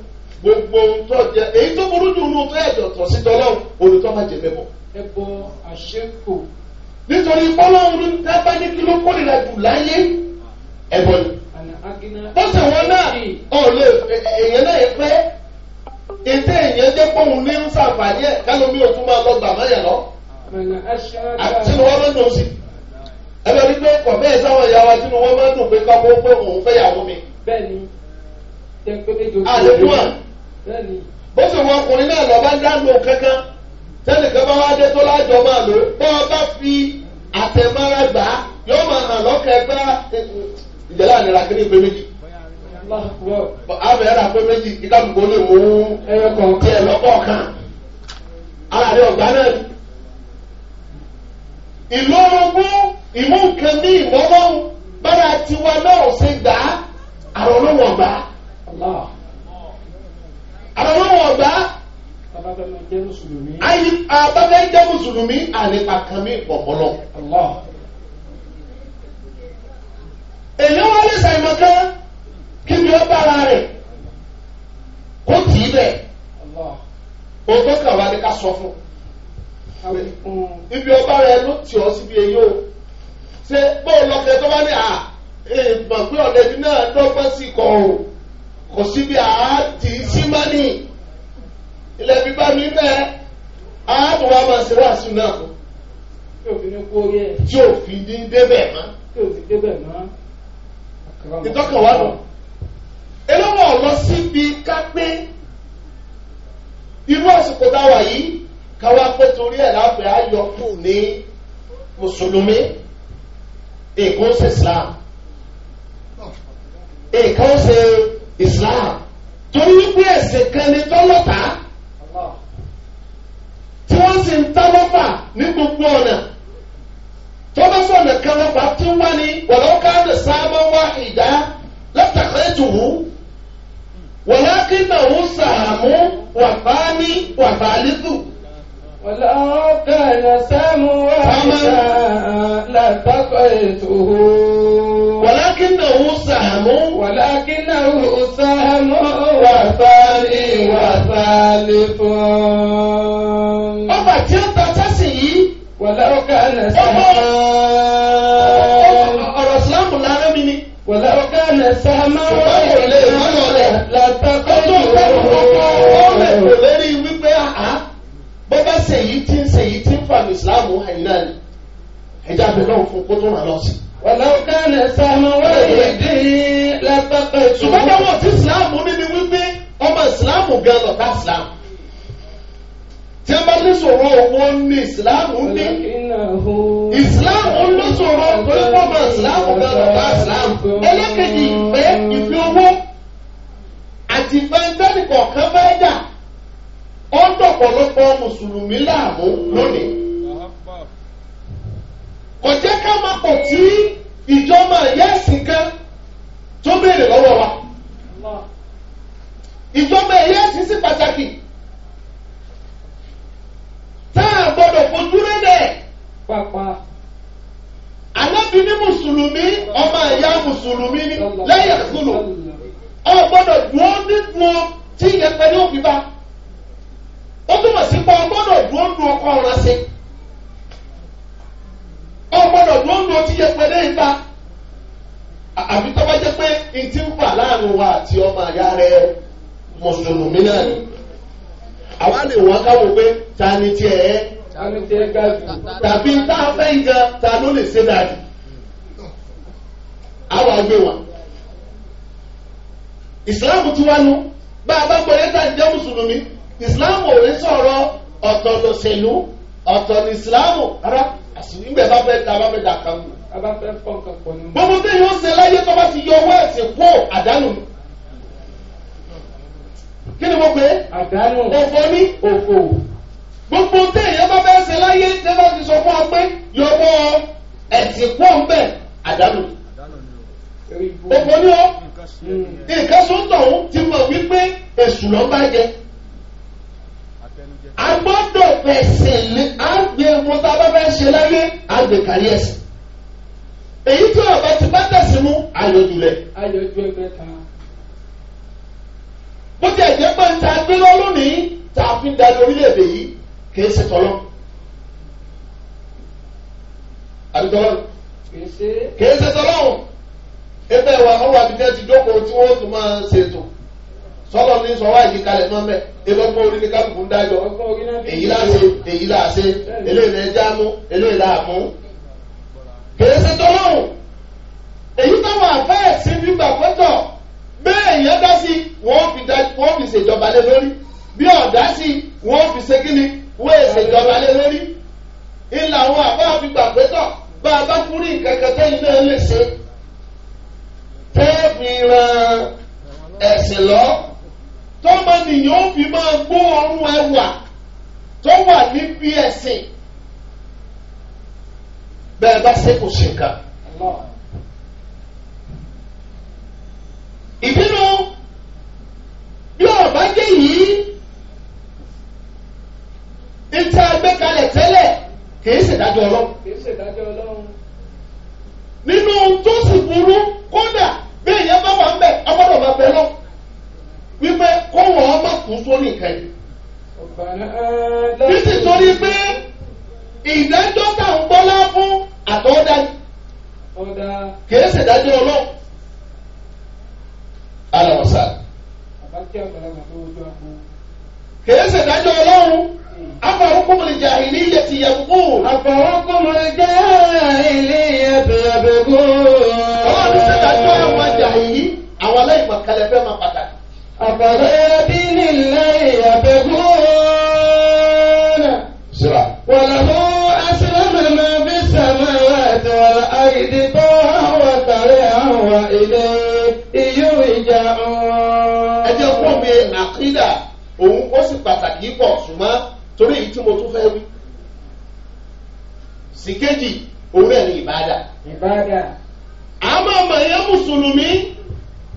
gbogbo ohun tó jẹ èyí tó burú jù nínú tó yàtọ̀ sí tọlọ́run olùtọ́ máa jẹ mẹ́bọ̀. ẹbọ àṣekò. nítorí pọ́lọ́run ní tábà ní kí ló kórìíra jù láyé ẹbọ ni. bọ́sẹ̀ wọn náà ọ̀ lè èèyàn náà yẹ pé ètè èèyàn jẹ́ pòun ní sàǹfààní ẹ̀ kálómi ò tún máa lọ gbà mọ́yàn lọ. àti ni wọ́n máa ń dùn sí. ẹ lọ rí pé kọ̀ bẹ́ẹ̀ sáwọn ìyá wa sínú wọ́n máa ń dùn pé kọ́kọ́ pé òun fẹ́ yàwó mi. bẹ́ẹ̀ni jẹ pé méjì ojú ọjọ́ rẹ bẹ́ẹ̀ni. bó ṣe wọ ọkùnrin náà lọ bá dánú kankan tẹnìkan bá wá dé tó lájọ máa lò bọ́ ọ bá fi àtẹ̀mára gbà yóò máa hàn lọ́kẹ́ gbá ìjẹ́lá nira kiri pé ah, méjì àbẹ̀ ẹ̀rà pé méjì kíkàkùkù lè mú ẹyọ kọ̀ọ̀kan ẹ̀ lọ́kọ̀ọ̀kan ara rẹ̀ ọ̀gbá náà ni. ìlú orogún ìmú nǹkan ní ìmọ́wọ́ bára tiwa náà ṣe gbà á àrò olóhùn ọ̀gbà. àrò olóhùn ọ̀gbà. abáfẹ́ jẹ́ mùsùlùmí àlepa kan mi pọ̀pọ̀lọ. èyí wọ́n lè ṣàìmọ̀ kan ni ó bára rẹ̀ kó tì í bẹ̀ òótọ́ kàn wá ní ká sọ fún mm. ibi ọba rẹ ló tì ọ́ síbi èyí o ṣe bóun lọ́kẹ́ tó bá ní à ìmọ̀ pé ọ̀lẹ́bí náà dọ́gbọ́n sí kọ̀ ọ́ kò síbi àátì símánì ilẹ̀ bíbá mi bẹ́ẹ̀ àátò wa máa ṣe wá sí náà tí òfin ní débẹ̀ mọ́ tí òfin débẹ̀ mọ́ ìtọ́kàn wà lọ eléwọ̀n lọ síbi ká pé irú àsìkò táwa yìí káwa pé torí ẹ̀ láàpẹ̀ ayọ̀kù ní mùsùlùmí nǹkan ṣe islam nǹkan ṣe islam torí wípé ẹ̀sìn kan ní tọ́lọ́ta tí wọ́n sì ń tá lọ́fà ní gbogbo ọ̀nà tọ́lọ́ sọ̀nà kan lọ́fà tí wọ́n ní wọ̀lọ́ká ní sáà máa wá ìdá látàkẹ́jù wù. ولكنه سام وثاني وثالث ولو كان سام لا لاتقيته ولكنه سهم ولكنه سهم وثاني وثالث ọba tí ó ta sẹ́sìn yìí. wàlẹ́ ọ̀ka ẹ̀ lẹ́sìn. Wọ̀lọ́kà lè sá máa wọ́n kò lè mọ́nà rẹ̀ látàkọ́ tó kẹ́rù kọ́kọ́ ọ̀rọ̀ rẹ̀ kò lérí wípé àá bó bá ṣèyí tí ń ṣèyí tí ń fàmì ìsìláàmù ẹ̀yìn náà ni ẹ̀já àbẹ̀ náà fún kó tó rà lọ sí. Wọ̀lọ́kà lè sá máa wọ́n kò dé látàkọ́ tó. Ṣùgbọ́n báwọn ti ìsìláàmù ní ni wípé ọmọ ìsìláàmù gan lọ́tà ìsìláàmù tí a bá ní sọ̀rọ̀ wọn ní ìsìláàmù ní ìsìláàmù ló sọ̀rọ̀ pé wọ́n máa ìsìláàmù bá bàbá ìsìláàmù ẹlẹ́kẹ̀jì ìfẹ́ ìfẹ́ owó àti ìfẹ́ ìdánìkọ̀ kan bá dà ó ń dọ̀pọ̀lọpọ̀ mùsùlùmí láàmú lónìí kò jẹ́ ká máa pọ̀ tí ìjọba ẹ̀yà kan tó béèrè lọ́wọ́ wa ìjọba ẹ̀yà sí pàtàkì tá a gbọ́dọ̀ fojú rẹ́dẹ̀. pápá. alábìíní mùsùlùmí ọmọ ìyá mùsùlùmí ni lẹ́yìn àkúlù ọ gbọ́dọ̀ dúró nínú tí ìyẹpẹ ní òfin bá ó túmọ̀ sí pé ọ gbọ́dọ̀ dúró nínú ọkọ ọ̀rọ̀ sí ọ gbọ́dọ̀ dúró nínú tí ìyẹpẹ ní ìbá àbí tọ́wọ́ jẹ́ pé n ti ń fà láàrin wa àti ọmọ ìyá rẹ mùsùlùmí náà ni àwa lè wọ́n káwọ́ pé ta ni tiẹ̀ ẹ́ tàbí tá a fẹ́ yìí gan ta ló lè ṣe dàdí àwọn àgbẹ̀ wà ìsìláàmù tí wá nu bá a bá gbọ́ yẹ́ta jẹ́ mùsùlùmí ìsìláàmù ò ní sọ̀rọ̀ ọ̀tọ̀ lòṣèlú ọ̀tọ̀ ní ìsìláàmù rárá ìgbẹ́ bá fẹ́ da bá fẹ́ da kan. gbogbo tẹ́yìn ó ṣe láyé tó bá ti yọ owó ẹ̀sìn kó àdánù kí ni mo pè é. àdánù òfò ní. òfò. gbogbo téèyàn bá bẹ́ẹ̀ ṣe láyé tẹ́ bá ti sọ fún wa pé yọ̀bọ̀ ẹ̀sìn pọ̀ ń bẹ̀ àdánù. òfò ní o. nǹkan sọ́tọ̀ ọ̀hún ti mọ̀ wípé èṣù lọ́ bá jẹ. a gbọ́dọ̀ fẹsẹ̀ lé àgbẹ̀ mọ́tà bá bẹ́ẹ̀ ṣe láyé àgbẹ̀ kárí ẹ̀sìn. èyí tí ọ̀bẹ ti bá tẹ̀sí mú ayọ̀jù rẹ̀. ayọ̀jù ẹgbẹ́ ta ń ta gbé lọ lónìí tá a fi ń darí orílẹ̀-èdè yìí kìí ṣe tọ́lọ́ àdìtọ́lọ́ kìí ṣe tọ́lọ́ ebe wa ọwọ́ àbíjẹ́ ti jókòó tí wọ́n tún máa ṣètò sọ́lọ́ ní sọ wá yìí kalẹ̀ mọ́ mẹ́ ebe ọgbọ́n orí ní kálukú ń dájọ́ èyí là ṣe èyí là ṣe eléyìí lè já mú eléyìí là mú kìí ṣe tọ́lọ́ èyí táwọn àfẹ́ ẹ̀sìn nígbà pẹ́tọ̀ bẹ́ẹ̀ yẹn dá sí wọ́n fi dá wọ́n fi ṣèjọba lé lórí bí ọ̀dá sí wọ́n fi ṣe kíni wọ́n ṣèjọba lé lórí ìlà àwọn àbá fi gbà pé tọ̀ bá a bá kú ní kankan tẹ́yìn náà lè ṣe tẹ́ẹ̀fì ran ẹ̀sìn lọ tọ́mọnìyàn ó fi máa gbọ́ ọrùn ẹwà tó wà níbi ẹ̀sìn bẹ́ẹ̀ bá ṣe kò ṣe kàn. ìbínú bí ọba dé yìí níta gbé kalẹ̀ tẹ́lẹ̀ kìí ṣèdájọ́ ọlọ́run. kìí ṣèdájọ́ ọlọ́run. nínú tó sì burú kódà bí èèyàn bá wà ń bẹ̀ ọgbọ́dọ̀ máa bẹ lọ wípé kó wọ́n má kú sórí ìkẹyìn. títí torí pé ìdájọ́ tá à ń gbọ́lá fún àtọ́dá kìí ṣèdájọ́ ọlọ́run alọ́sà. kèé ṣe dájọ́ ọlọ́run afọwọ́kùnrin jàhìlì yẹ ti yẹ kú. afọwọ́kùnrin jàhìlì yẹ ti yẹ kú. ọlọ́run ṣe dájọ́ àwọn jàhìlì àwọn aláìmọ̀ kalẹ̀ fẹ́ máa pàtàkì. àbẹ̀rẹ̀ bí nílẹ̀ àbẹ̀gùn. sira. wàlàhùn. إليه àkídà òun ó sì pàtàkì pọ̀ ṣùgbọ́n torí èyí tí mo tún fẹ́ wí sí kejì òun náà ní ìbáàdà. ìbáàdà. a máa mọ̀ ẹ́ mùsùlùmí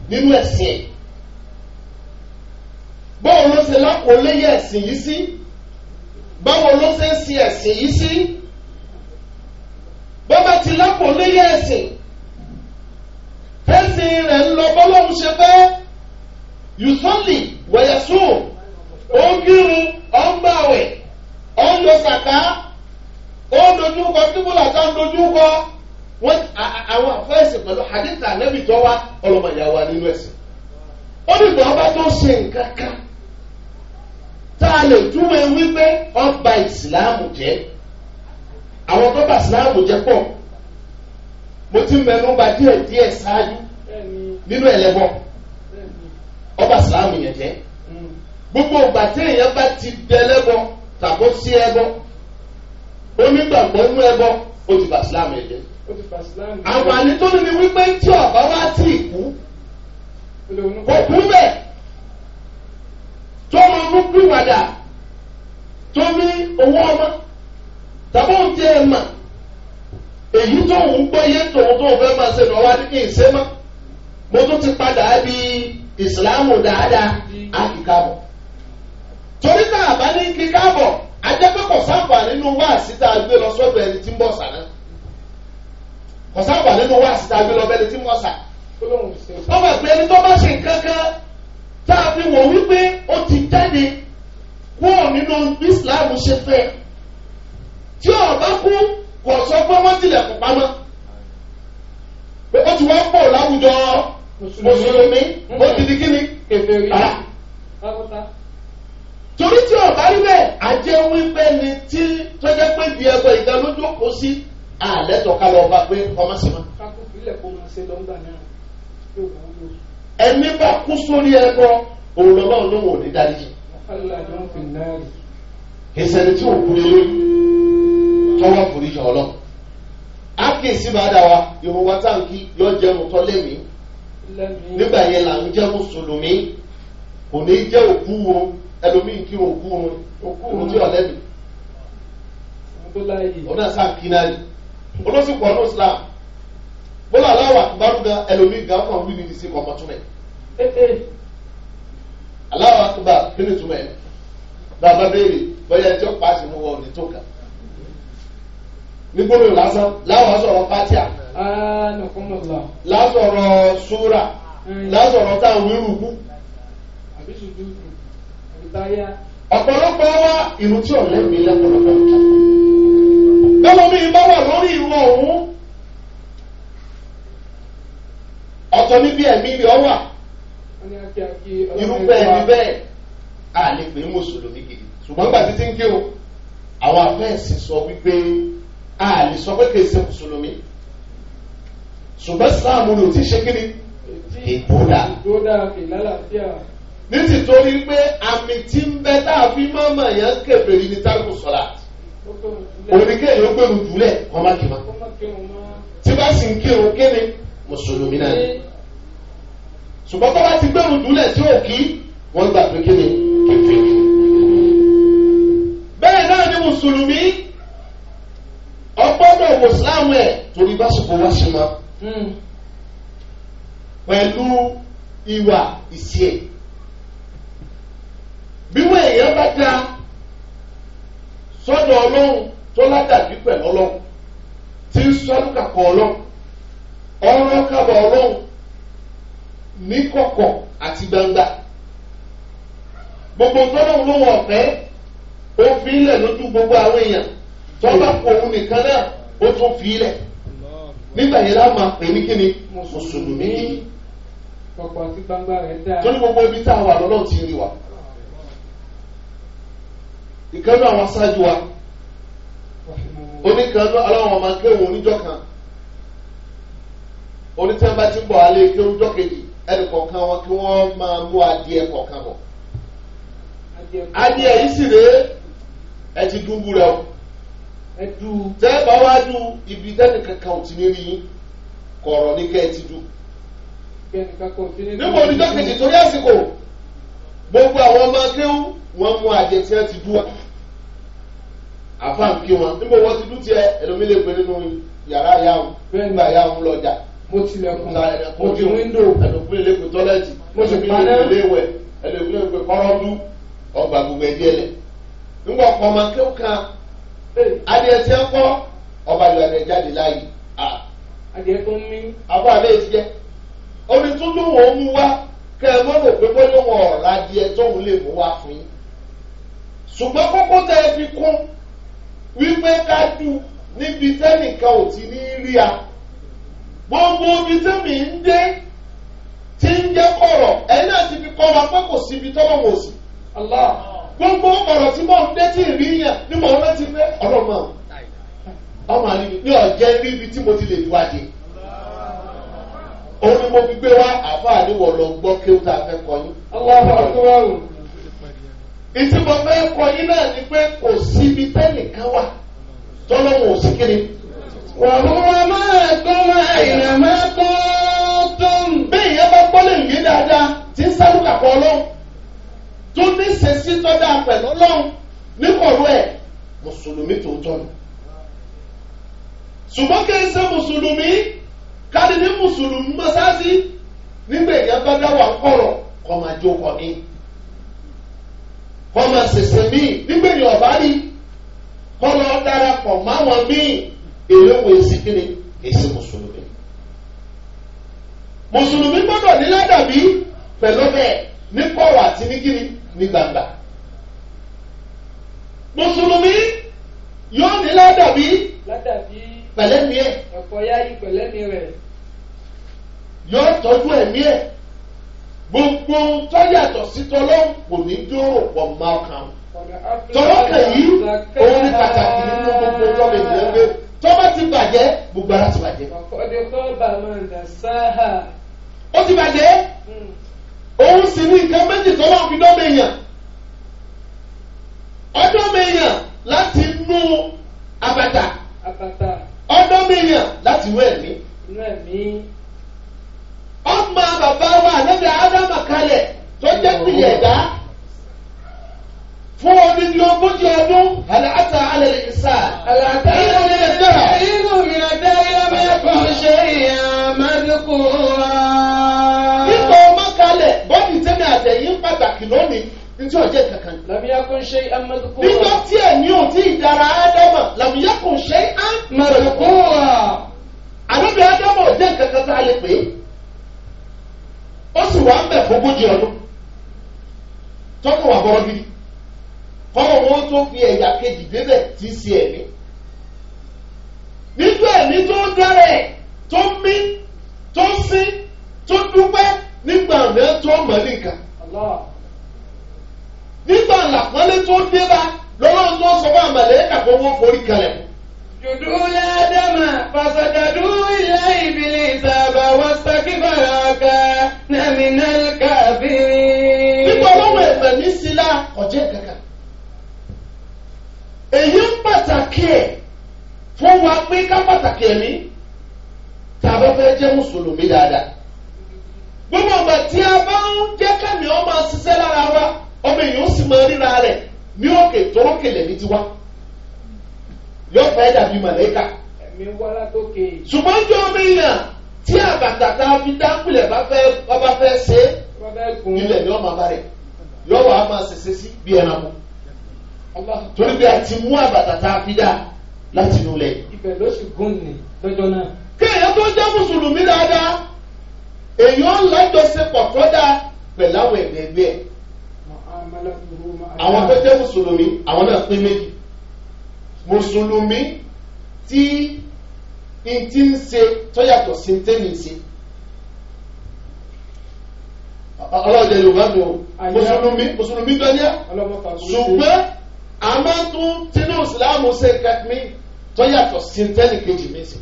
nínú ẹ̀sìn ẹ̀ báwo ló ṣe lákòóléyè ẹ̀sìn yìí sí báwo ló ṣe ń sin ẹ̀sìn yìí sí bọ́bá ti lákòóléyè ẹ̀sìn tẹ́sìn rẹ̀ ń lọ bọ́lọ́hún ṣe fẹ́ẹ́ yùsọ́lì wẹ̀yẹ̀sù ó ń kírun ó ń gbàwẹ̀ ó ń lo sàká ó ń dojúkọ kíbùlà tó ń dojúkọ wọ́n àwọn àfẹ́sẹ̀ pẹ̀lú hadith ànábì tó wá ọlọ́mọ ìyàwó nínú ẹ̀sìn ó ní ìgbà ọba tó ṣe nǹkan kan tá a lè túmọ̀ wípé ọba ìsìláàmù jẹ́ àwọn tó bá ìsìláàmù jẹ́ pọ̀ mo ti mẹ́nu bà díẹ̀ díẹ̀ ṣáájú nínú ẹ̀lẹ́bọ̀n ọba sàlámù yẹn jẹ́ mm. gbogbo ìgbà tí èèyàn bá ti dẹlẹ́bọ tàbó sí ẹbọ onígbàgbọ́ nú ẹbọ ó ti bà sàlámù yẹn jẹ́ àwọn ànítóni ni wípé tí ọba wá tí ì kú kò kú bẹ́ẹ̀ tó máa mú pìwàdà tó ní owó ọmọ tàbó ń tẹ ẹ mà èyí tó ń gbọ́ yé tòun tó ń fẹ́ máa ṣe lọ́wọ́ ní kí n ṣe mọ́ mo tún ti padà bí ìsìláàmù dáadáa á kì káàbọ̀ torí tá a bá ní kí káàbọ̀ ajẹ́pẹ́kọ̀ sáfà nínú wáàsí tá a gbé lọ sọ́dọ̀ ẹni tí ń bọ̀ sànán kọ̀ sáfà nínú wáàsí tá a gbé lọ bẹ́ẹ̀ ni tí ń bọ̀ sà ọmọ ìpínlẹ̀ ẹni tó bá ṣe nǹkan kan tá a fi wọ̀ wípé ó ti jáde kúrò nínú ìsìláàmù ṣe fẹ́ tí ọ̀bá kú kò sọ pé wọ́n tilẹ̀kùn pamọ́ pé ó ti wọ́n pọ̀ láwùjọ mùsùlùmí ó ti di kíni rárá. torí tí ọ̀bá rí bẹ́ẹ̀ ajẹ́ wípé ni tí tọ́jẹ́ pé di ẹgbẹ́ ìdá lójú kò sí àlẹ́ tọ́kalẹ̀ ọba pé ọmọ sí ma. ẹni bá kú sórí ẹbọ òun lọ́wọ́ lóun ò ní dárí yìí. ìṣẹ̀lẹ̀ tí ò kú lé lórí tọ́wọ́ kò ní yọ ọlọ́run. a kì í sí bàdà wa ìhùwà táǹkì yọ jẹun tọ́lé mi. nígbà yẹn là ń jẹ́ mùsùlùmí kò ní jẹ́ òkú o ẹlòmíì kí òkú wọn òkú tí ọ̀lẹ́bì ọ̀nà sàkínárì olóṣùpọ̀ ọ̀nà islam bọ́lá aláwọ̀ àkùbárúgà ẹlòmíì gan fún wíìlì ní ọmọ túnmẹ̀ aláwọ̀ kí ni túnmẹ̀ bàbá béèrè bọ́yá ẹjọ́ pàṣẹ mú wọn ò ní tó kà lásán láwọn sọ̀rọ̀ àná. lásọ̀rọ̀ súrà hmm. lásọ̀rọ̀ táwọn wíwùkú ọ̀pọ̀lọpọ̀ wá ìrù tí ọ̀lẹ́ mi lẹ́pọ̀lọpọ̀ bẹ́ẹ̀ mi bá wà lórí ìwọ òun ọ̀tọ̀ níbi ẹ̀mí ni ọ wà irúfẹ́ ẹni bẹ́ẹ̀ a lè pè é mùsùlùmí gidi ṣùgbọ́n gbà títí ń kí o àwọn afẹ́ ẹ̀sìn sọ wípé a lè sọ pé kì í ṣe mùsùlùmí ṣùgbọ́n sáàmù ni ò ti ṣe kí ni ìgbódà ní tìtorí pé àmì tí ń bẹ tá a fi máa mọ̀ yẹn kèfèrí ní tálùkù sọ̀lá oníkéèyàn ó gbèrú jùlẹ̀ kọ́mákìmá tí bá sì ń kírun kí ni mùsùlùmí náà ni ṣùgbọ́n tó bá ti gbèrú jùlẹ̀ tí ò kí wọ́n gbà pé kí ni kèfèrí bẹ́ẹ̀ náà ni mùsùlùmí ọgbọ́dọ̀ mùsùlùmí ẹ̀ torí bá sọ̀kọ̀ wá sí máa. pẹ̀lú hmm. ìwà ìṣe bí wọ́n èèyàn bá dá sọ́dọ̀ ọlọ́run tó ládàbí pẹ̀lú ọlọ́run tí ń sọ́dúnkàkọ̀ ọlọ́run ọ̀rọ̀ kábọ̀ ọlọ́run n'ikoko ati àti gbangba gbogbo tọ́lọ́run ló ọ̀fẹ́ ó fi ilẹ̀ lójú gbogbo àwọn èèyàn tọ́lọ́pọ̀ òun nìkan náà ó tún fi ilẹ̀. nígbà yẹn lá máa pè ní kíni mùsùlùmí ọ̀pọ̀ àti gbangba rẹ̀ dáa. torí gbogbo ibi tá a wà ti rí wa. ìkànnì àwọn aṣáájú wa oníkanú aláwọn ọmọ akéwòn oníjọ kan ti ń alẹ́ kéwòn kejì ẹnì kọ̀ọ̀kan wọn kí wọ́n máa mú adìẹ tẹ́ ẹ bá wá du ibi tẹ́nìkan kan ò ti ní rí yín kọ̀ọ̀rọ̀ ní kẹ́ ẹ ti du. níbo ni dọ́kítì torí àsìkò gbogbo àwọn ọmọ akéwù wọn mú àjẹ tí wọn ti du wa àfáà ń kí wọn níbo wọn ti du tiẹ ẹlòmí lè gbé nínú yàrá yà wọn nígbà yà wọn lọjà mo tilẹ̀kùn mo ti windo ẹlòmí lè gbé tọ́lẹ̀tì mo ti paná ẹlòmí lè wẹ̀ ẹlòmí lè gbé kọ́rọ́dú ọgbà gbogbo ẹ̀dí ẹlẹ̀ nígbà ọmọ akéwù kan adìẹ tí ẹ kọ́ ọba ìlú adìẹ jáde láàyè. adìẹ tó ń mí. àbá àlẹ́ ti jẹ́ omi tó ló wọ́n mú wá kẹ́ ẹ mọ́ rò pé bọ́lá wọn ọ̀rọ̀ adìẹ tóun lè mú wá fún yín. ṣùgbọ́n kókó tẹ ẹ fi kún wípé ká dù níbi tẹ́nìkan ò ti ní rí a gbogbo ibi tí mi ń dé tí ń jẹ́ kọ̀rọ̀ ẹ̀ náà ti fi kọ́ pé kò síbi tọ́wọ́ sí. Allah. gbogbo ọ̀rọ̀ tí mò ń dé tí yẹn ni mò ń rántí ọmọ ní tí mo ti lè wádìí òun ni mo lọ gbọ kí ta kọ yín. kọ yín náà ni pé kò síbi tẹ́nìkan wà tọ́lọ́wọ̀n ò sí kiri. wàhùwà máa tó máa ìrìn àmọ́ tó tó ń bí ìyẹn bá gbọ́lé tó ní sèṣí tó dáa pẹ̀lú ọlọ́run nípọ̀rọ̀ ẹ̀ mùsùlùmí tòótọ́ ni. ṣùgbọ́n kí n ṣe mùsùlùmí káni ní mùsùlùmí mọ́sáàsì nígbà èèyàn bá dá wà ń kọ̀rọ̀ kọ́ máa jókòó ní. kọ́ máa ṣẹ̀ṣẹ̀ míì nígbà èèyàn ọ̀bá rí kọ́ lọ darapọ̀ máwọn míì èrè wo èsì kíni èsì mùsùlùmí. mùsùlùmí gbọ́dọ̀ ní ládàbí pẹ̀lú bẹ́ẹ̀ ní kọ̀rọ̀ àti ní kíni ní gbangba mùsùlùmí yóò ní ládàbí pẹ̀lẹ́mí ẹ̀ ọ̀pọ̀yáyí pẹ̀lẹ́mí rẹ̀ yóò tọ́jú ẹ̀mí ẹ̀ gbogbo tó yàtọ̀ sí tọ́lọ́ kò ní dúró pọ̀ máa kàn tọ́lọ́ kàn yìí òun ní pàtàkì nínú gbogbo tọ́lọ́ ìdílé gbé tọ́ba ti bàjẹ́ gbogbo ara ti bàjẹ́. ọ̀kọ́dé kọ́ bàmọ́ ìdàsáhà. ó ti bàjẹ́. Hmm òun sì ní nǹkan méjì tó lọ́wọ́ fi dọ́mọ èèyàn ọdọ́mọ èèyàn láti nú àbàtà ọdọ́mọ èèyàn láti wọ ẹ̀mí. ọmọ bàbá wa ànábì ádámà kalẹ̀ tó jẹ́ pìlẹ̀ ẹ̀dá fún odidi ogójì ọdún àlàáta alẹ́ ìsà àlàáta ìlú ìrẹ̀dá ìlú ìrẹ̀dá ìlú ìrẹ̀dá ìlú ìrẹ̀dá ìlú ìrẹ̀dá ìlú ìrẹ̀dá ìlú ìrẹ̀dá ìlú ìrẹ̀dá àwẹ̀ yìí ń pàtàkì lónìí ntí ọjọ́ kankan. làmìyàkùn ṣe amadukura. nígbà tí ẹ̀mí ò tí ì dára ádámà làmìyàkùn ṣe amadukura. àdébí ádámà ò jẹ́ kankan tá a lè pè é. ó sì wá ń bẹ̀ fógójì ọdún. tọ́kọ̀ wà bọ́rọ̀ gidi. kọ́mọ wọn tó fi ẹ̀yà kejì débẹ̀ tí í ṣe ẹ̀mí. nígbà ẹ̀mí tó dára ẹ̀ tó mí tó sí tó dúpẹ́ nígbà náà tó nígbà làpọ́nlé tó dé bá lọ́wọ́ tó sọ fún àmàlẹ́kà kó wọ́n forí kalẹ̀. jùdú lẹ́dẹ̀mà fàṣàjàdú ilé ìbílẹ̀ ìsàbà wà sàkíbàrà ọ̀gá nàmínà kábírì. nígbà lọ́wọ́ ẹ̀fẹ̀ ní sílá ọ̀jẹ̀ kankan. èyí ń pàtàkì ẹ̀ fún wa pé ká pàtàkì ẹ̀mí tàbá fẹ́ jẹ́ mùsùlùmí dáadáa. nígbà ọgbà tí a bá ń jẹ́ kẹ́mi ọ máa ṣiṣẹ́ lára wá látòkè. ṣùgbọ́n ọmọ èèyàn tí àbàtà tá a fi dákúlẹ̀ bá fẹ́ ṣe é ilẹ̀ ni ọmọ ti mú àbàtà tá a fi dá láti nulẹ̀. ibẹ̀ ló sì gún ni lọ́jọ́ náà. tó jẹ́ èèyàn lájọṣepọ̀ tó dáa pẹ̀lú àwọn ẹgbẹ̀gbẹ̀ ẹ̀ àwọn tó jẹ́ mùsùlùmí àwọn náà pín méjì mùsùlùmí tí n ti ń ṣe tó yàtọ̀ sí tẹ́lì ń ṣe ọlọ́ọ̀dẹ yorùbá nù mùsùlùmí mùsùlùmí dọ́níà ṣùgbọ́n a máa tún tinú ìsìláàmù ṣe kẹ́kmí tó yàtọ̀ sí tẹ́lì kejì mi ṣe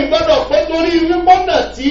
ìgbọ́dọ̀ pé torí wípọ́nà tí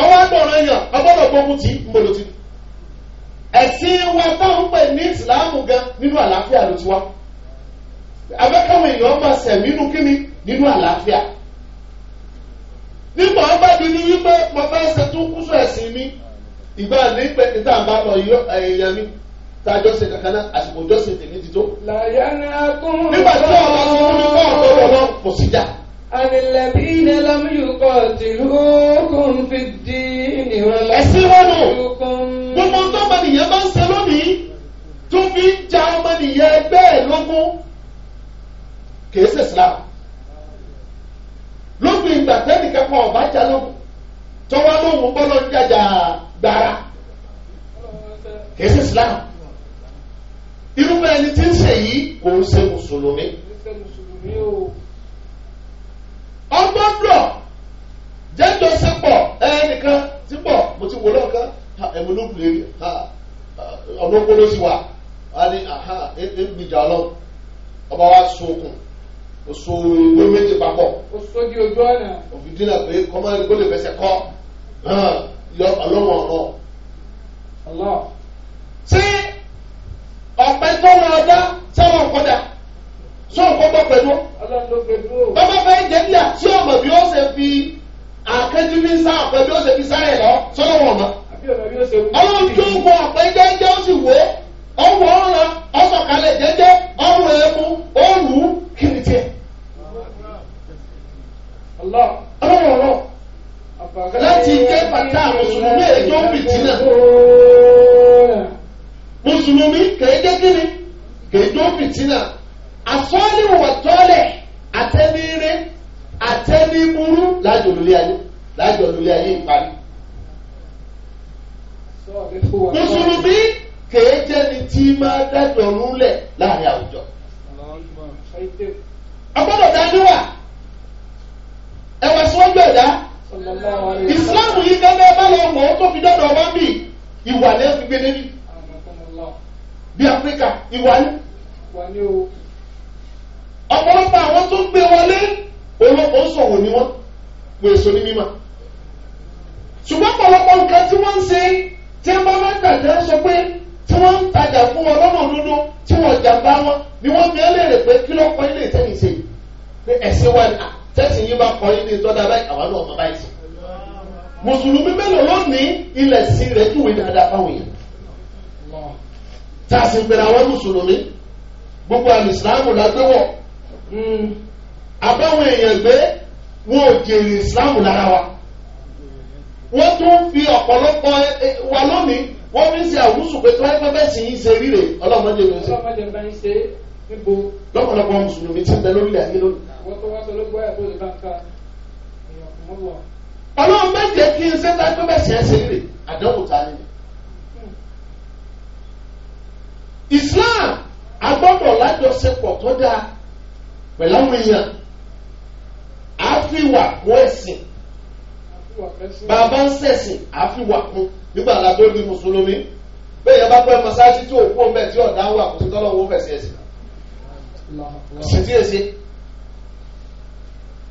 ọwọ́ àdọ̀rọ̀ yàn agbọ́dọ̀ gbógun tí mbolo ti ẹ̀sìn wa táwọn pè ní ìsìláàmù gan nínú àlàáfíà ló ti wá abẹ́kọ̀wé èèyàn máa sẹ̀ nínú kíni nínú àlàáfíà nígbà wọn bá ní wípé mo fẹ́ ṣe tún kúṣọ ẹ̀sìn mi ìgbà nígbà tí tá à ń bá lọ yọ ẹ̀yẹ mi tá a jọ́sìn kankan náà àsìkò jọ́sìn tèmi ti tó. làyà náà tún. nígbà tí wọn bá tún fún mi kọ́ ọ̀tọ̀ kò sí jà. عن الذين لم يقاتلوكم في الدين ولم يقاتلوكم gbogbo tó ọmọnìyàn bá ń ṣe lónìí tó fi ń ja ọmọnìyàn ẹgbẹ́ ẹ̀ lógún kìí ṣe Islam lópin ìgbà tẹ́nìkan kan ọ̀bá já lógún tọ́wọ́ lóhùn bọ́lọ́ ń jàjà gbára kìí ṣe Islam irúfẹ́ ẹni tí ń ṣe yìí kò ń ṣe mùsùlùmí. olóògbé ọlọ́pọ̀ ló sì wà á ní àhán ẹgbìjà ọlọ́run ọba wa sokùn oṣù ìlú méjì papọ̀. oṣù di ojú ọ̀nà. òfin dínà pé kọ́mọ́ ẹni kó lè fẹsẹ̀ kọ́ yọ ọlọ́wọ̀n ọ̀rọ̀. ṣé ọ̀pẹ tó máa dá sẹ́wọ̀n kọ́dà sọ̀rọ̀ kọ́gbọ́ pẹ̀lú. bàbá fẹ́ jẹ́ níyà tí ọmọ bí ó ṣe fi àkẹ́jú fi ń sá ọ̀pẹ bí ó ṣe fi sáré lọ sọ́wọ́n ọ̀nà ọlọ́run tó wọ ọ̀pẹ jẹ́jẹ́ ó sì wò ó ọwọ́ ọ̀ràn ọ̀sọ̀kalẹ̀ jẹ́jẹ́ ọ̀rùn ẹ̀mú òòrùn kìrì tiẹ̀. ọlọ́run ọ̀rọ̀ láti ké bàtà mùsùlùmí èjọ́ fìtínà mùsùlùmí kèéjé kíni kèéjọ́ fìtínà àsọ́ọ́lẹ́wọ̀ tọ́lẹ̀ àtẹnire àtẹnimuru lájọ lulẹ̀ ayé lájọ lulẹ̀ ayé ìparí mùsùlùmí kèé jẹ́ni tí máa dájọ́ rúlẹ̀ láàrin àwùjọ. agbọ́dọ̀ dájú wà ẹ̀wà síwájú ẹ̀dá ìsìláàmù yìí gẹ́gẹ́ bá lọ mọ̀ ọ́ tó fi dọ́dọ̀ wá bì ìwà lẹ́yìn fi gbé débi bí áfíríkà ìwà ni ọ̀pọ̀lọpọ̀ àwọn tó ń gbé wọlé olóko sọ̀wọ́ ni wọ́n pèsè ní mímọ́ ṣùgbọ́n ọ̀pọ̀lọpọ̀ nǹkan tí wọ́n ń ṣe tí ń bá mẹ́tàdá sọ pé tí wọ́n ń tajà fún wọn lọ́nà dúdú tí wọ́n jàmbá wọn ni wọ́n bí ẹlẹ́rìí pé kí lọ́kọ́ ilé ìtẹ́yìn ṣe pé ẹ̀sìn wa ni ah, tẹ́sí yín bá kọ́ ilé ìtọ́jà báyìí àwa náà máa báyìí sí. mùsùlùmí mélòó ló ní ilẹ̀ sí rẹ̀ júwe dáadáa fáwọn èèyàn. tá a sì gbèrè àwọn mùsùlùmí gbogbo àlùsìláàmù lágbéwọ̀ hmm. àbáwọn èèyàn gbé wọn ò jèrè ìsìláàmù lára wa wọ́n tún fi ọ̀pọ̀lọpọ̀ wa lónìí wọ́n fi ń ṣe àwùsù pé tọ́lá ẹgbẹ́ bẹ́ẹ̀ sì ń ṣe ríre ọlọ́mọdé ló ń ṣe. ọlọ́mọdé bá ń ṣe níbo. lọ́pọ̀lọpọ̀ mùsùlùmí ti ń bẹ lórílẹ̀ ayé lónìí. àwọn tó wá sọ ló gbọ́ ẹ̀ tó lè bá ń ka èèyàn kò mọ́ wà. ọlọ́run bẹ́ẹ̀ jẹ́ kí n ṣe tá ẹgbẹ́ bẹ́ẹ̀ sì ń ṣe ríre àdánwò ta ni. Islam agbọ́dọ̀ lájọṣepọ̀ tó dáa pẹ̀láwọn èèyàn àfi wà kó ẹ̀sìn bàbá ń sẹ̀sìn àfìwà kún nígbà la tó di mùsùlùmí bẹ́ẹ̀ yẹn bá pẹ́ mọ́sáàtì tí òkú ọ̀nbẹ tí ọ̀dà ń wà kò sí tọ́lọ́ owó fẹ̀sẹ̀ ẹ̀sìn sí tí èsì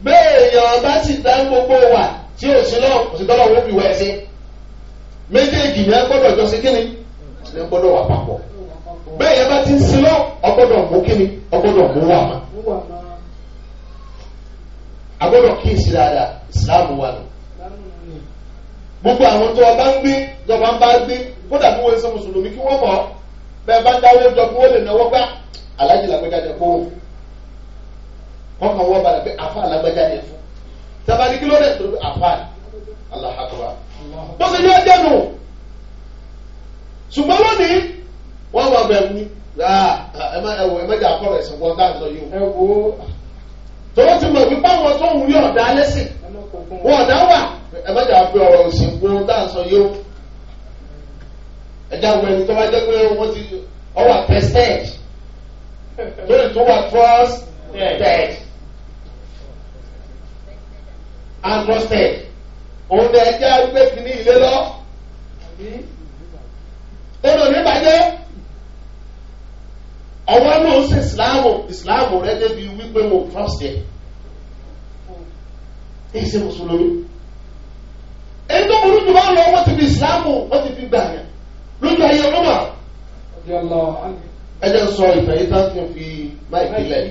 bẹ́ẹ̀ yẹn bá sì dá gbogbo wà tí òsì náà kò sí tọ́lọ́ owó fi wẹ̀ ẹ̀sìn méjèèjì yẹn gbọ́dọ̀ jọ sí kíni ẹ gbọ́dọ̀ wà papọ̀ bẹ́ẹ̀ yẹn bá ti ń sin lọ ọgbọ́dọ̀ mú kíni ọgbọ́dọ̀ mú wà má agbọ́dọ̀ gbogbo àwọn tó ọba ń gbé jọba ń bá gbé kódà bí wọ́n ṣe mùsùlùmí kí wọ́n mọ̀ ọ́ bẹ́ẹ̀ bá ń dáwọ́ jọ kí wọ́n lè náwó gbá alájì làgbẹ́jáde kó o wọ́n kàn wọ́n balẹ̀ pé àfa làgbẹ́jáde fún tabali kí ló dé tó àfa alahakura bó ṣe yẹ dẹnu ṣùgbọ́n lónìí wọ́n wà bẹ̀rù ni ẹ má ẹ wò ẹ má jà akọ̀rọ̀ ẹ̀sìn wọn dáhùn sọ yìí o. ẹ wo tọ́wọ́ ti mọ̀ wípé àwọn tó ń rí ọ̀dà lẹ́sìn wọn ọ̀dà wà ẹ má jà pé ọ̀rọ̀ òsìnkú dáǹsọ yóò ẹ̀dá àwọn ẹni tó bá jẹ́ pé wọ́n ti ọwà tested lórí tó wà trusted and trusted òun ni ẹja gbé kínní ilé lọ. Tọ́lọ̀ ní bàjẹ́ ọwọ́ náà ṣe ìsìláàmù ìsìláàmù rẹ débi wípé mo trust yẹ èyí ṣe mùsùlùmí èyí tó burú jù bá lọ wọ́n ti fi ìsìláàmù wọ́n ti fi gbà yẹn lójú ayé ọlọ́mà ẹ jẹ́ sọ ìfẹ́ yìí tán kí fi máìkì lẹ̀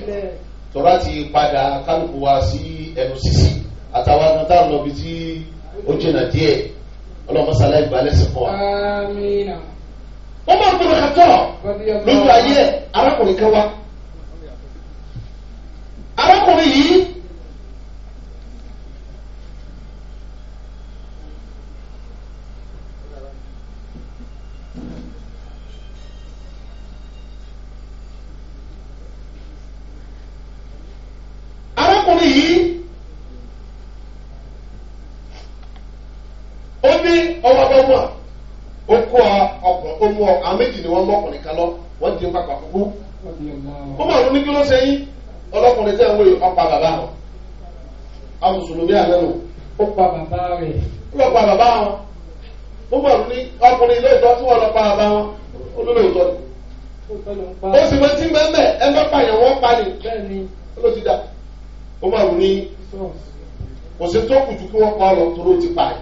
tọ́lá ti padà kálukú wa sí ẹnu sísí àtàwọn ọ̀nà táwọn lọ bí tí ó jìnnà díẹ̀ ọlọ́mọ sálẹ̀ ìgbàlẹ̀ sí fún wa wọ́n máa ń tọrọ kàtọ́ lójú ayé arákùnrin kan wá. àwọn méjì ni wọ́n mọ́kùnrin kan lọ wọ́n di ọkọ̀ àkókò wọ́n máa ní kí ló ṣe yín ọlọ́kùnrin tẹ́ ń wé ọpa bàbá wọn àwọn mùsùlùmí àlẹ́nu ó pa bàbá rẹ̀ ó pa bàbá wọn ó máa ní ọkùnrin ilé ìtọ́ tí wọ́n lọ pa bàbá wọn ó sì mẹ́mẹ́ ẹ má pa ni ló ti dà ó máa ní kò sí tó kùtù kí wọ́n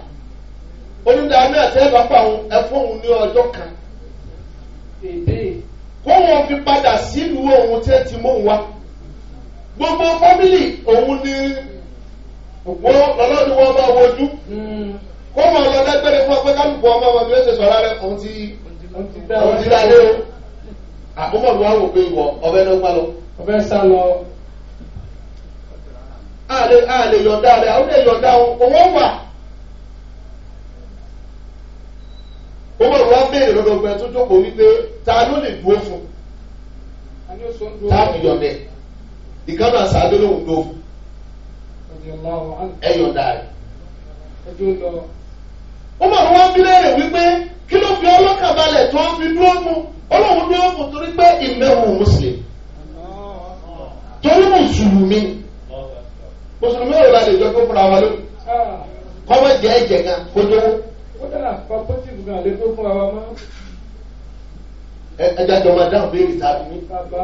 kóun fi padà sílùú òun tí ti mú wa gbogbo fámìlì òun ni wọ́n lọ́lọ́ni wọ́n máa wojú hmm. kóun ọlọ́dẹ́gbẹ́rẹ́ fún ọgbẹ́ ọmọ wọn bí ó ṣe sọ̀rọ̀ rẹ òun ti o ó bẹ̀rù wá béèrè lọ́dọ̀ ọgbẹ́ tó jókòó wípé ta ló lè dúró fún táàbù yọ̀dẹ̀ ìkànnì àṣà adólóhùn tó ẹ̀yọ̀dà rẹ̀. ó bẹ̀rù wá béèrè wípé kí ló fi ọlọ́kàn balẹ̀ tó ń fi dúró fún ọlọ́run dúró fún torí pé ìmẹ̀rù mùsùlùmí torí mùsùlùmí mùsùlùmí ò lálẹ́ ìjọ tó fúnra wa lónìí ah. kọ́mọ̀ jẹ́ ẹ̀jẹ̀ gan kó tó wọ́n kódà cooperative gan lè tó fún àwa mọ́. ẹja jọ máa dáhùn béèrè tàbí ní. bàbá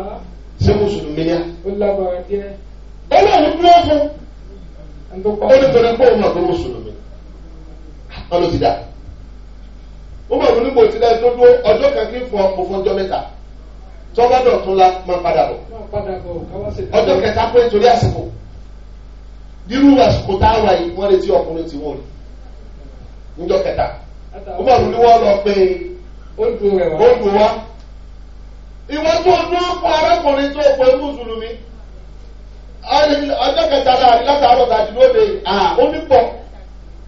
ṣé mùsùlùmí ni a. ó lágbára díẹ̀. ọlọ́run dúró fún. ó ní torí pé òun àgbẹ̀ mùsùlùmí. wọn ló ti dà. ó mọ̀ ní níbo ti dá ẹjọ́ dúró ọjọ́ kan kí n fọ ọkọ̀ fún ọjọ́ mẹ́ta tọ́ba dọ̀tún la máa padà bọ̀. ọjọ́ kẹta pé nítorí àsìkò. irú àsìkò tá a wà yìí wọ́n retí ọkùnrin tí wọ́n rí níjọ́ kẹta ọmọlù ni wọ́n lọ pé odò wa ìwọ tó dún fún arákùnrin tó pé mùsùlùmí ọjọ́ kẹta láàrin látàárọ̀ tàbí lóde onípọ̀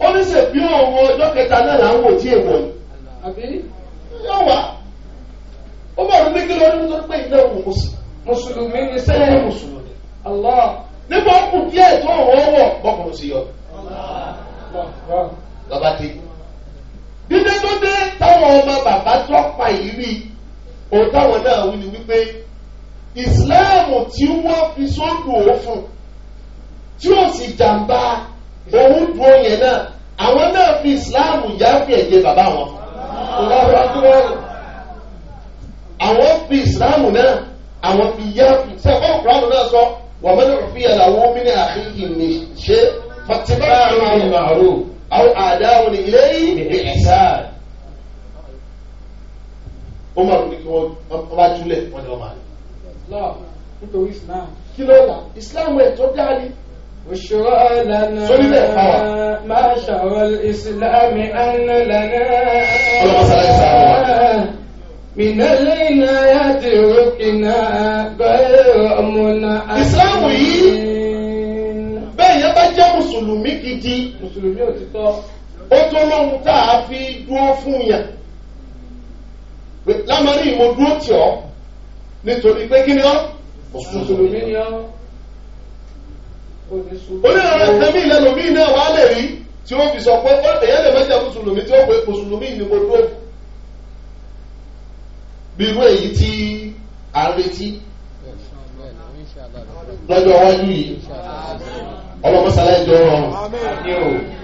oníṣègbè òun ọjọ́ kẹta náà là ń wò tí èèwọ̀ yìí yóò wá ọmọlù ní kí ló ní tó pé ilé òun mùsùlùmí ní sẹ́yìn mùsùlùmí nípa ọkùnrin díẹ̀ tó òun ọwọ́ bọ́kùnrin sí yọ bàbá ti dídé tó dé táwọn ọmọ bàbá tó pa yìí rí òun táwọn náà wí ni wípé ìsìláàmù tí wọ́n fi sódù òfun tí ó sì jàǹbá òun dùn yẹn náà àwọn náà fi ìsìláàmù yááfì ẹ̀jẹ̀ bàbá wọn àwọn fi ìsìláàmù náà àwọn fi yááfì sẹ́kọ̀ọ́ kúrọ́ọ̀nù náà sọ wàmẹ́lẹ́rù fi yàrá wọ́n mí ní àfihàn ní ṣe fatifá àrùn àrùn aw àdáwọn ilé ìbí ẹ̀sán ó máa ní kí wọ́n bá túlẹ̀ wọ́n ní wọ́n máa lọ. nítorí Islam. kí ló wà Islam ẹ̀ tó dáa ni. وشرع لنا ما شرع الإسلام أن لنا من العناية ركنا غير منعم. Islam yìí bá jẹ́ mùsùlùmí gidi mùsùlùmí òtítọ́ ó tó lóhun tá a fi dúró fún yàn lámàrí ìwọ dúró tì ọ́ nítorí pé kí ni ọ́ mùsùlùmí ni ọ́ onírànlá tẹ̀mí ìlẹ́lòmí náà wà lè rí tí wọ́n fi sọ pé èyàn lè mẹ́jẹ̀ mùsùlùmí tí ó pé mùsùlùmí ni mo dúró bí irú èyí tí à ń retí lọ́jọ́ wájú yìí ọlọ́mọsálá ìjọ rọrùn